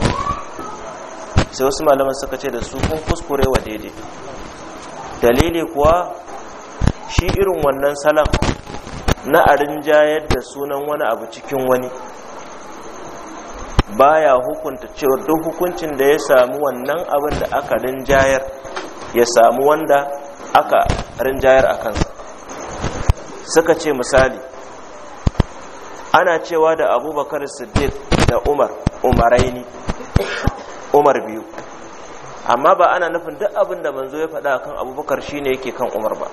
sai wasu malaman suka ce da su kun kuskure wa daidai dalili kuwa shi irin wannan salam na a rinjayar da sunan wani abu cikin wani baya hukunta cewa duk hukuncin da ya samu wannan abin da aka rinjayar ya samu wanda aka rinjayar a kansa suka ce misali ana cewa da abubakar siddiq da umar umaraini umar biyu amma ba ana nufin duk abin da manzo ya faɗa kan abubakar shine yake kan umar ba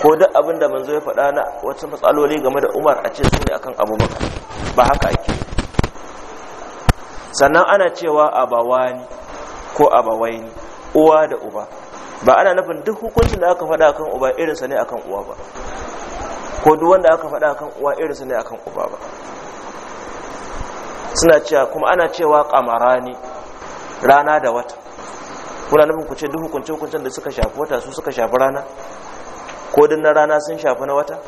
ko duk abin da manzo ya faɗa na wasu matsaloli game da umar a ce su ne akan abubakar ba haka ake sannan ana cewa abawani ko abawaini uwa da uba ba ana nufin duk hukuncin da aka faɗa kan uba irinsa ne akan uwa ba ko duk wanda aka faɗa kan uwa irinsa ne akan uba ba suna cewa kuma ana cewa ne rana da wata kuna nufin ku ce duk hukunce hukuncen da suka shafi wata su suka shafi rana ko duk na rana sun shafi na wata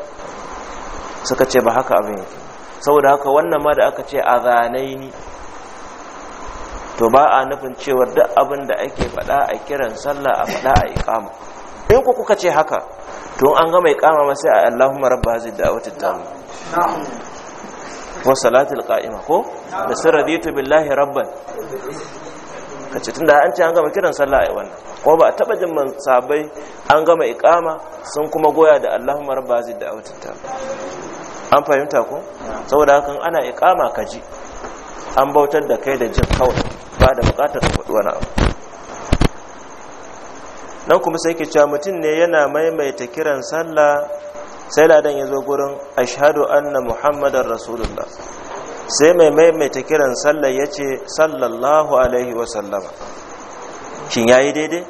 suka ce ba haka abin yake saboda haka wannan ma da aka ce a ni, to ba a nufin cewar duk abin da ake faɗa a kiran sallah a faɗa a ikama. in ku kuka ce haka to an ga mai kama ma sai a Allahumma rabba hazid da'wati tamma wa salatul ka'ima ko da sirraditu billahi rabban Ka tun tunda an ce an gama kiran sallah a wannan ko ba a taba jin man sabai an gama ikama sun kuma goya da Allahumma rabba da da'wati tamma an fahimta ko saboda hakan ana ikama ka ji. an bautar da kai da jin kawai ba da bukatar kwaduwa na abu nan kuma sai ke cewa mutum ne yana maimaita kiran sallah sai ladan ya zo gurin ashhadu anna muhammadar rasulullah sai mai maimaita kiran sallah ya ce sallallahu alaihi wasallama shin ya yi daidai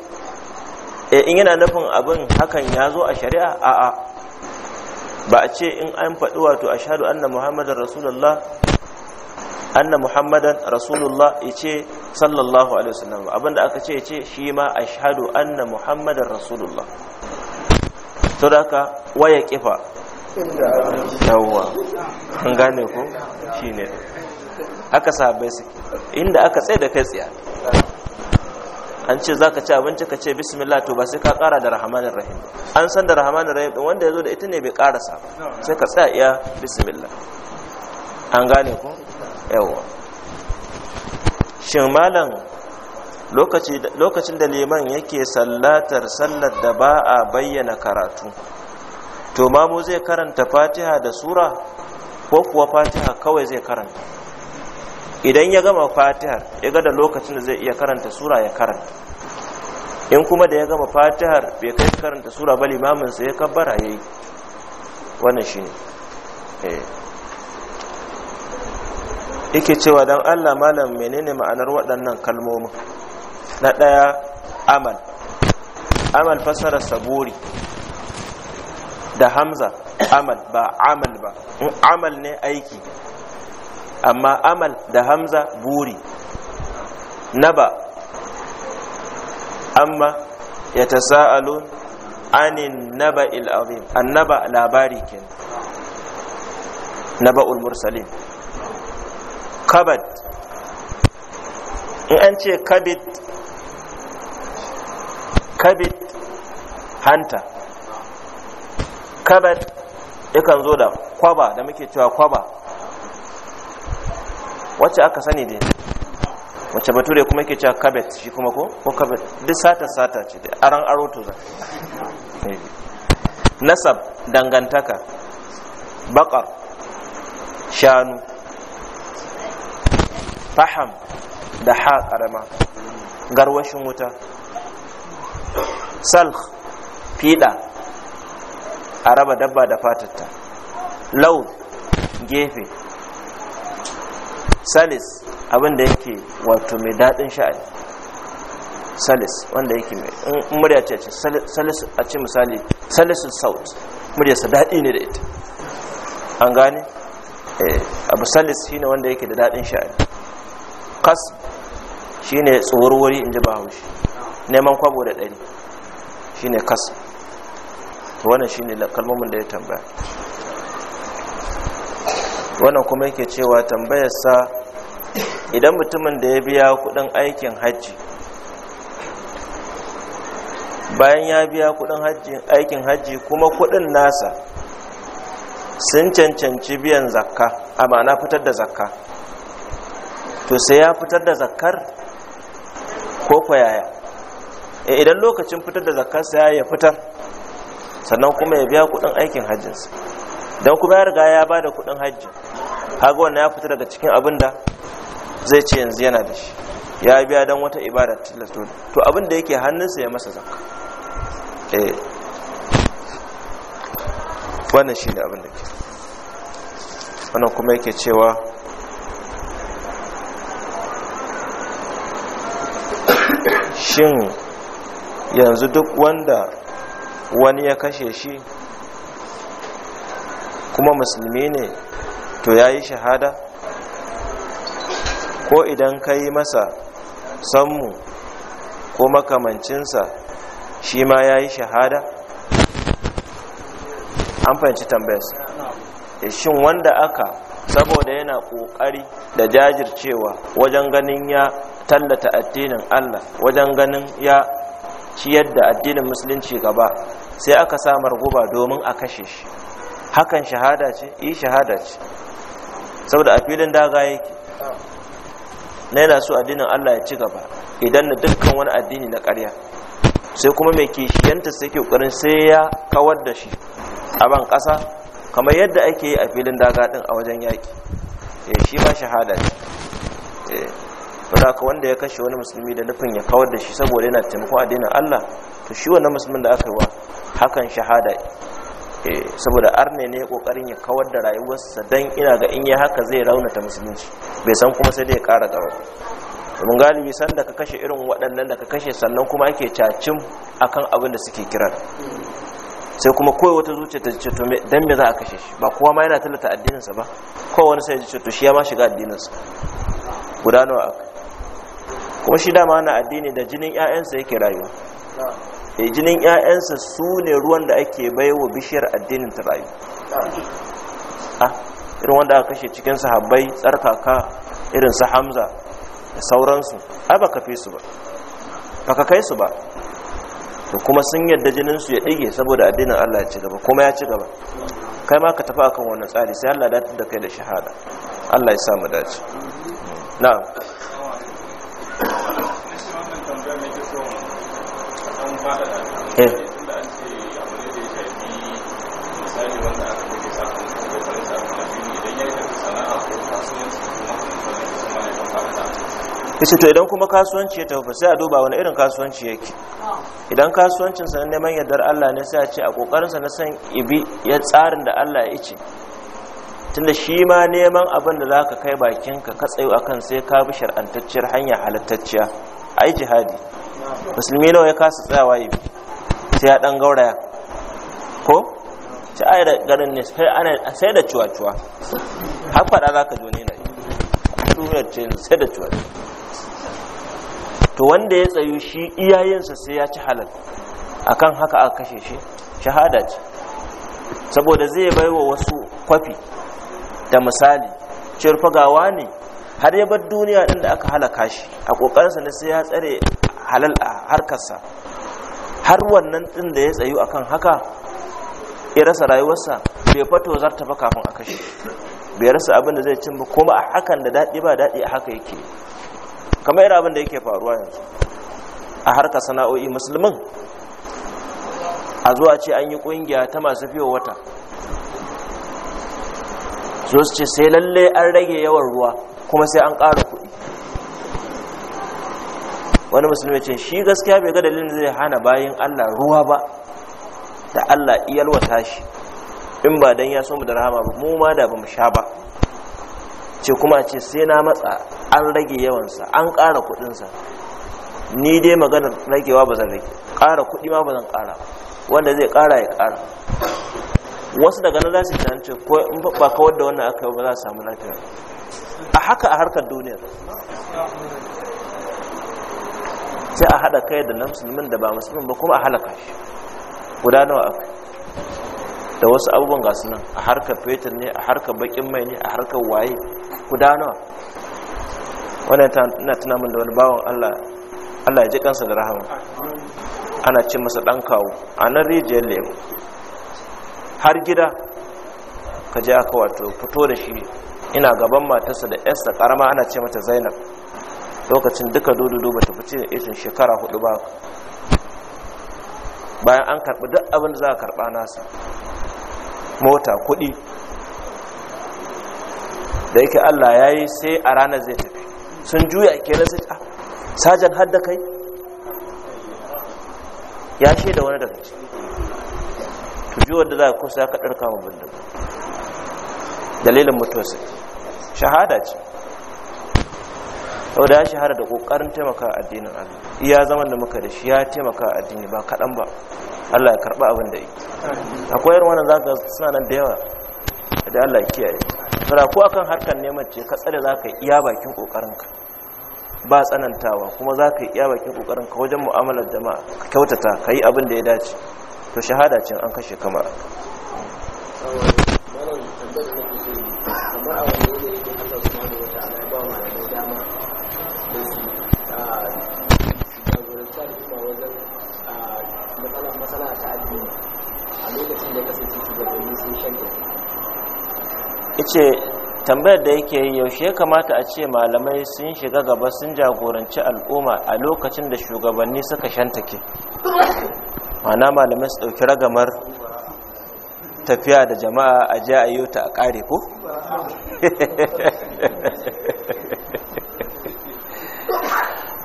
e in yana nufin abin hakan ya zo a shari'a a'a ba a ce in an faɗi wato ashhadu anna muhammadar rasulullah anna muhammadan rasulullah yace sallallahu alaihi wasallam abinda aka ce yace shi ma ashhadu anna muhammadan rasulullah to daka ka waya kifa yawa an gane ko shine aka sahabbai su inda aka tsaye da kai tsaya an ce zaka ci abinci ka ce bismillah to ba sai ka kara da rahmanir rahim an san da rahmanir rahim wanda ya zo da ita ne bai karasa sai ka tsaya iya bismillah an gane ku yawon shin malam lokacin da liman yake sallatar sallar da ba a bayyana karatu to mamu zai karanta fatiha da sura ko kuwa fatiha kawai zai karanta idan ya gama fatihar ya gada da lokacin da zai iya karanta sura ya karanta in kuma da ya gama fatihar bai kai karanta sura ba limamin sai ya kabbara yayi wannan shine eh yake cewa don allah malam menene ma'anar waɗannan kalmomin na ɗaya amal amal fasara saburi da hamza amal ba amal ba in amal ne aiki amma amal da hamza buri na amma ya tasa'alun anin naba il annaba labari kenan naba mursalin kabad in an ce kabit kabit hanta kabad yakan zo da kwaba da muke cewa kwaba wacce aka sani da wacce bature kuma yake cewa kabet shi kuma ko ko kabet duk sata sata ce da aran aro za eh. nasab dangantaka bakar shanu faham da ha karama garwashin wuta salh fiɗa a raba dabba da fatatta lau gefe salis abin da yake wato mai daɗin sha'ani salis wanda yake mai murya ce salis a ce misali salisun saut muryarsa daɗi ne da ita an gane eh, abu salis shine wanda yake da daɗin sha'ani kas shine wuri in ji bahaushe neman kwabo da ɗari shine kas wannan shine kalmomin da ya tambaya wannan kuma yake cewa tambayarsa idan mutumin da ya biya kudin aikin hajji bayan ya biya kudin aikin hajji kuma kudin nasa sun cancanci biyan zakka a ma'ana fitar da zakka to sai ya fitar da zakkar ko kwayaya eh, idan lokacin fitar da sai ya fitar sannan kuma ya biya kudin aikin hajjinsa don kuma ya riga ya ba da kudin hajji haga wannan ya fita daga cikin abin da zai ce yanzu yana da shi ya biya don wata ibada tilasto to abin da yake hannunsa ya masa zakka e wannan shi ne abin da ke wannan kuma yake cewa shin yanzu duk wanda wani ya kashe shi kuma musulmi ne to ya yi shahada ko idan ka yi masa sammu ko makamancinsa shi ma ya yi shahada an fahimci tambayarsa eh, shin wanda aka saboda yana ƙoƙari da jajircewa wajen ganin ya tallata addinin Allah wajen ganin ya ciyar da addinin musulunci gaba sai aka samar guba domin a kashe shi hakan shahada ce yi eh, shahada ce saboda a filin daga yake na yana so addinin Allah ya ci gaba idan na dukkan wani addini na karya sai kuma mai kishiyanta sai ke ƙwarin sai ya kawar da shi a ban ƙasa kamar yadda ake yi a filin daga ɗin a wajen yaƙi eh, shi ma shahada ce eh. ka wanda ya kashe wani musulmi da nufin ya kawar da shi saboda yana taimakon addinin Allah to shi wannan musulmin da aka yi wa hakan shahada eh, saboda arne ne kokarin ya kawar da rayuwarsa dan ina ga in ya haka zai raunata musulunci bai san kuma sai dai ya kara gaba domin galibi san da ka kashe irin waɗannan da ka kashe sannan kuma ake cacin akan abin da suke kiran sai kuma kawai wata zuciya ta ce to dan me za a kashe shi ba kowa ma yana tallata addininsa ba kowa wani sai ya ce to shi ya ma shiga addininsa guda nawa aka kuma shi dama na addini da jinin 'ya'yansa yake rayu. e eh, jinin 'ya'yansa su ne ruwan da ake baiwa bishiyar addinin ta rayu a ah, irin wanda aka kashe cikin sahabbai tsarkaka irin su hamza da sauransu a baka fi su ba baka kai su ba to kuma sun yadda jinin su ya dige saboda addinin Allah ya ci gaba kuma ya ci gaba kai ma ka tafi akan wannan tsari sai Allah da kai da shahada Allah ya sa mu dace na'am kisi eh. to idan kuma kasuwanci ya tafi sai a duba wani irin kasuwanci yake idan kasuwancin sa neman yardar Allah ne sai a ce a kokarin sa na san ibi ya tsarin da Allah ya ce tunda shi ma neman abin da ka kai bakin ka ka tsayo akan sai ka bi shar'antacciyar hanya a ai jihadi musulmi nawa ya kasa tsayawa yi sai ya dan gauraya ko ci ai da garin ne sai ana sai da cuwa-cuwa har fada za ka zo ne na yi sai da cuwa to wanda ya tsayu shi iyayensa sai ya ci halal akan haka aka kashe shi shahada ce saboda zai bai wa wasu kwafi da misali cirfagawa ne har ya bar duniya inda aka halaka shi a ƙoƙarinsa na sai ya tsare halal a harkarsa har wannan ɗin da ya tsayu akan haka ya rasa rayuwarsa bai fato zarta ba kafin a kashe bai rasa abin da zai cin ba kuma a hakan da daɗi ba daɗi a haka yake kamar irin abin da yake faruwa yanzu a harka sana'o'i musulmin a zuwa ce an yi ƙungiya ta masu fiye wata so su ce sai lalle an rage yawan ruwa kuma sai an ƙara wani musulmi ce shi gaskiya bai ga dalilin zai hana bayan Allah ruwa ba da Allah iyalwata shi in ba dan ya so mu da rahama ba mu ma da ba mu sha ba ce kuma ce sai na matsa an rage yawansa an ƙara kuɗinsa ni dai maganar ragewa ba zan rage ƙara kuɗi ma ba zan ƙara wanda zai ƙara ya ƙara wasu daga nan za su tunanin ce ko in ba kawar da wannan aka yi ba za su samu lafiya a haka a harkar duniyar sai a haɗa kai da na musulmin da ba musulmin ba kuma a halaka shi guda nawa aka da wasu abubuwan ga nan a harkar fetur ne a harkar bakin mai ne a harkar waye guda nawa wannan ina tunamin da wani bawan allah allah ya ji kansa da rahama ana ce masa ɗan kawo a nan rijiyar lemu har gida ka je aka wato fito da shi ina gaban matarsa da yarsa karama ana ce mata zainab lokacin duka dododo ba ta fice da irin shekara hudu ba bayan an karɓi duk abin da za a karɓa nasa mota kuɗi da yake allah ya yi sai a ranar zai tafi sun juya kenan sai a ah, sajan hadda kai ya shaida wani daga ciki juwar da za a kusa ya kaɗar kama bindiga dalilin mutuwarsa shahada ce saboda ya shahara da kokarin taimaka addinin Allah iya zaman da muka da shi ya taimaka addini ba kaɗan ba Allah ya karɓi abin da yi akwai irin wannan zaka suna nan da yawa da Allah ya kiyaye fara ko akan harkar neman ce ka tsare zaka iya bakin kokarinka ba tsanantawa kuma zaka iya bakin kokarinka wajen mu'amalar jama'a ka kyautata ka yi abin da ya dace to shahada ce an kashe kamar ice tambayar da yake yi yaushe ya kamata a ce malamai sun shiga gaba sun jagoranci al'umma a lokacin da shugabanni suka shantake mana malamai su ɗauki ragamar tafiya da jama'a a ji a ta a ƙare ko? *laughs*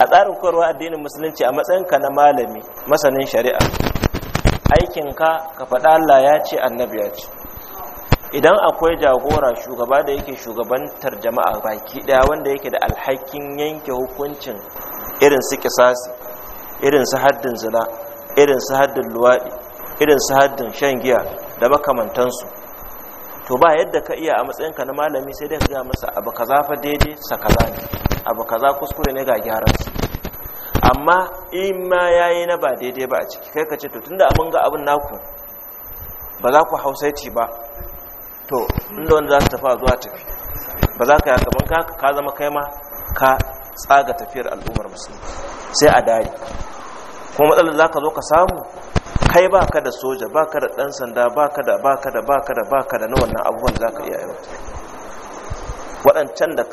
a tsarin korwa addinin musulunci a matsayinka na malami masanin shari'a aikinka ka faɗa Allah ya ce annabi ya ce idan akwai jagora shugaba da yake shugabantar jama'a baki ɗaya wanda yake da alhakin yanke hukuncin irin su kisasi irin su haddin zina irin su haddin luwaɗi irin su haddin shan giya da makamantansu to ba yadda ka iya a matsayinka na malami sai dai ka gaya masa abu kaza fa daidai sa kaza ne abu kaza kuskure ne ga gyaran su amma in ma ya yi na ba daidai ba a ciki kai ka ce to tunda abin ga abin naku ba za ku hausaiti ba to inda wanda za su tafi zuwa tafi ba za ka yi gaban ka ka zama kai ma ka tsaga tafiyar al'ummar musulmi sai a dari kuma matsalar za ka zo ka samu kai ba ka da soja ba ka da ɗan sanda ba ka da ba ka da ba ka da ba ka da na wannan abubuwan za ka iya yau. waɗancan da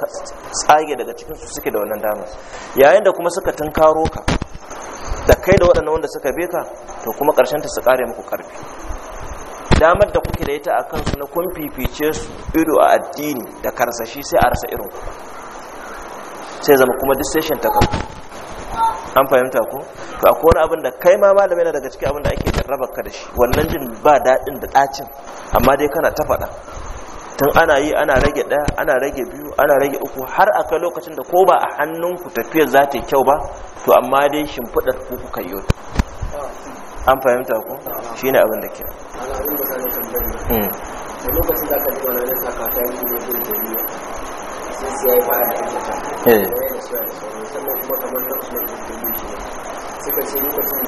tsage daga cikinsu suke da wannan damar yayin da kuma suka tunkaro ka da kai da waɗannan wanda suka be ka to kuma ƙarshen ta su ƙare muku ƙarfi damar da kuke da ita a kansu na kun fifice su ido a addini da karsashi sai a rasa irin ku sai zama kuma decision ta kanku an fahimta ko to a kowane abin da kai ma malamai na daga cikin abin da ake jarraba ka da shi wannan jin ba daɗin da ɗacin amma dai kana ta faɗa tun ana yi ana rage ɗaya ana rage biyu ana rage uku har aka lokacin da ko ba a hannunku tafiyar za ta yi kyau ba to amma dai shimfiɗar ku kuka yi an fahimta ku shi ne abin da ke suka ce lokacin da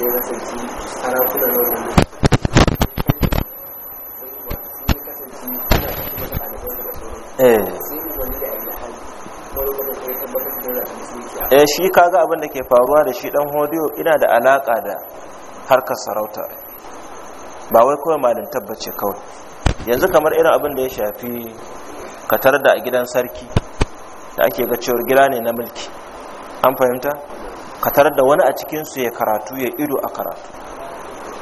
ya kasance sarakuna na wannan Eh. eh shi kaga abin da ke faruwa da shi dan hodiyo ina da alaka da harkar sarauta ba wai kawai malin tabbace kawai yanzu kamar irin abin da ya shafi katar da a gidan sarki da ake ga cewar gida ne na mulki an fahimta katar da wani a cikinsu ya karatu ya ido a karatu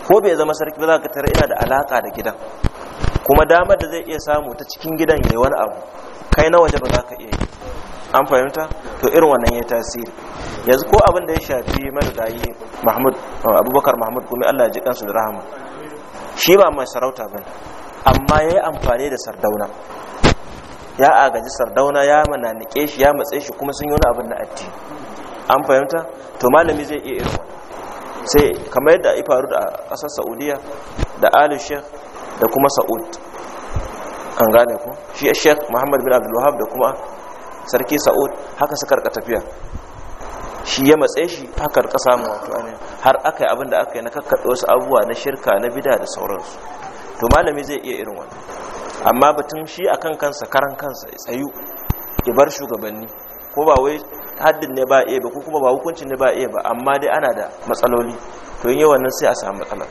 ko bai zama sarki ba za ka tare ina da alaka da gidan kuma damar da zai iya samu ta cikin gidan ya wani abu kai na waje ba za ka iya yi an fahimta to irin wannan ya tasiri yanzu ko abin da ya shafi marigayi mahmud uh, abubakar mahmud kuma allah ya ji kansu da rahama shi ba mai sarauta ba amma ya yi amfani da sardauna ya agaji sardauna ya mananike shi ya matse shi kuma sun yi wani abin na addini an fahimta to malami zai iya irin sai kamar yadda ya faru da ƙasar saudiya da ali sheikh da kuma sa'ud an gane ku shi sheikh muhammad bin abdul wahab da kuma sarki sa'ud haka suka rika tafiya shi ya matsaye shi haka rika samun wato har aka yi abinda aka yi na kakkaɗe wasu abubuwa na shirka na bida da sauransu to malami zai iya irin wannan amma batun shi a kan kansa karan kansa ya tsayu ya bar shugabanni ko ba wai haddin ne ba iya ba ko kuma ba hukuncin ne ba iya ba amma dai ana da matsaloli to yin yawan nan sai a samu matsalar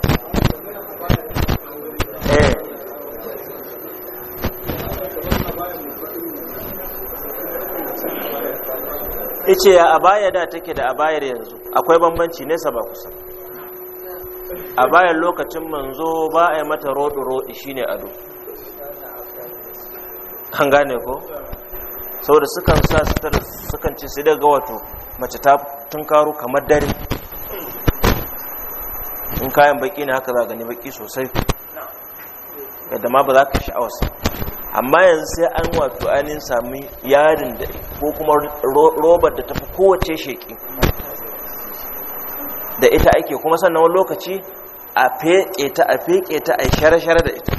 ce ya abaya da take da abayar yanzu akwai bambanci nesa ba kusa a bayan lokacin manzo ba a yi mata roɗi-roɗi ne ado an gane ko saboda sukan sa sutar sukan ce sai daga wato mace ta tunkaru kamar dare in kayan baki ne haka za gani baki sosai yadda ma ba za ka sha'awa amma yanzu sai an wato ainihin sami yarin da ko kuma robar da tafi kowace sheki da ita ake kuma sannan wani lokaci a feƙe ta a feƙe ta a share-share da ita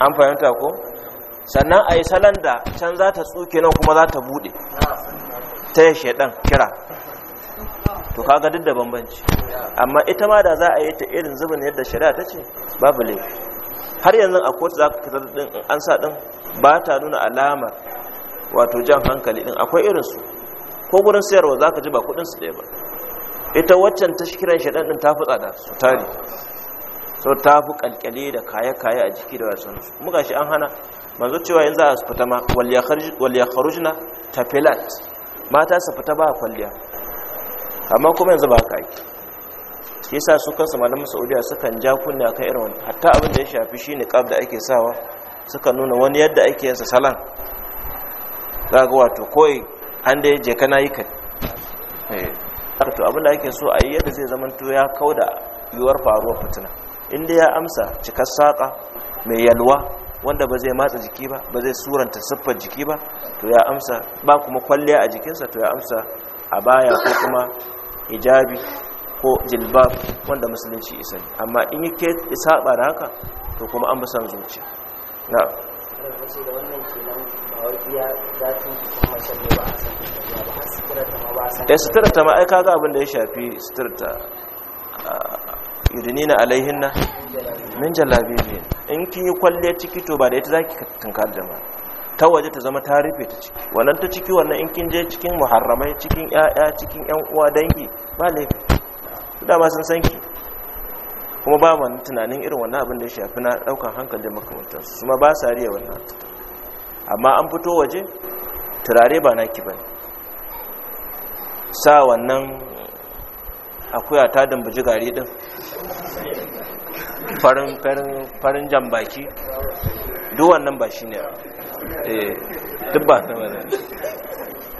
an fahimta ko sannan a yi salon da can za ta tsuke nan kuma za ta buɗe ta yi shaɗan kira to kaga duk da bambanci amma ita ma da za a yi ta irin zubin yadda shari'a ta ce babu laifi har yanzu a kotu za ka kasar din an sa din ba ta nuna alamar wato jan hankali din akwai irinsu ko gurin sayarwa za ka ji ba kudinsu ɗaya ba ita waccan ta shikiran shaɗan ɗin ta fi tsada su tari so ta fi da kaya kaya a jiki da wasu muka shi an hana manzo cewa yanzu a su fita ma ta tafilat mata su fita ba kwalliya amma kuma yanzu ba ka yi shi yasa su kansu malaman saudiya sukan ja kunne akan irin wani hatta abin da ya shafi shi niqab da ake sawa suka nuna wani yadda ake yin salan za wato koyi an da je kana yi ka eh, to abin da ake so a yi yadda zai to ya kauda yuwar faruwar fitina inda ya amsa cikar saka mai yalwa wanda ba zai matsa jiki ba ba zai suranta siffar jiki ba to ya amsa ba kuma kwalliya a jikinsa to ya amsa a baya ko kuma hijabi ko jilbab wanda musulunci isa ne amma in yake isa ba da haka to kuma an musan zuciya na ya sutura ta ma'aika eh, ga abin da ya shafi sutura ta ah, yudinina na, min jalabi ne in kin yi kwalle ciki to ba da ita ki tunkar da ma ta waje ta zama ta rufe ta ciki wannan ta ciki wannan in kin je cikin muharramai cikin 'ya'ya, cikin 'yan uwa dangi ba laifi dama sun san ki kuma ba mu tunanin irin wannan abin da ya shafi na daukan hankali da makamantansu kuma ba sa riya wannan amma an fito waje turare ba naki bane sa wannan akuya ta dambaji gari din farin farin farin jambaki duk wannan ba shine eh duk ba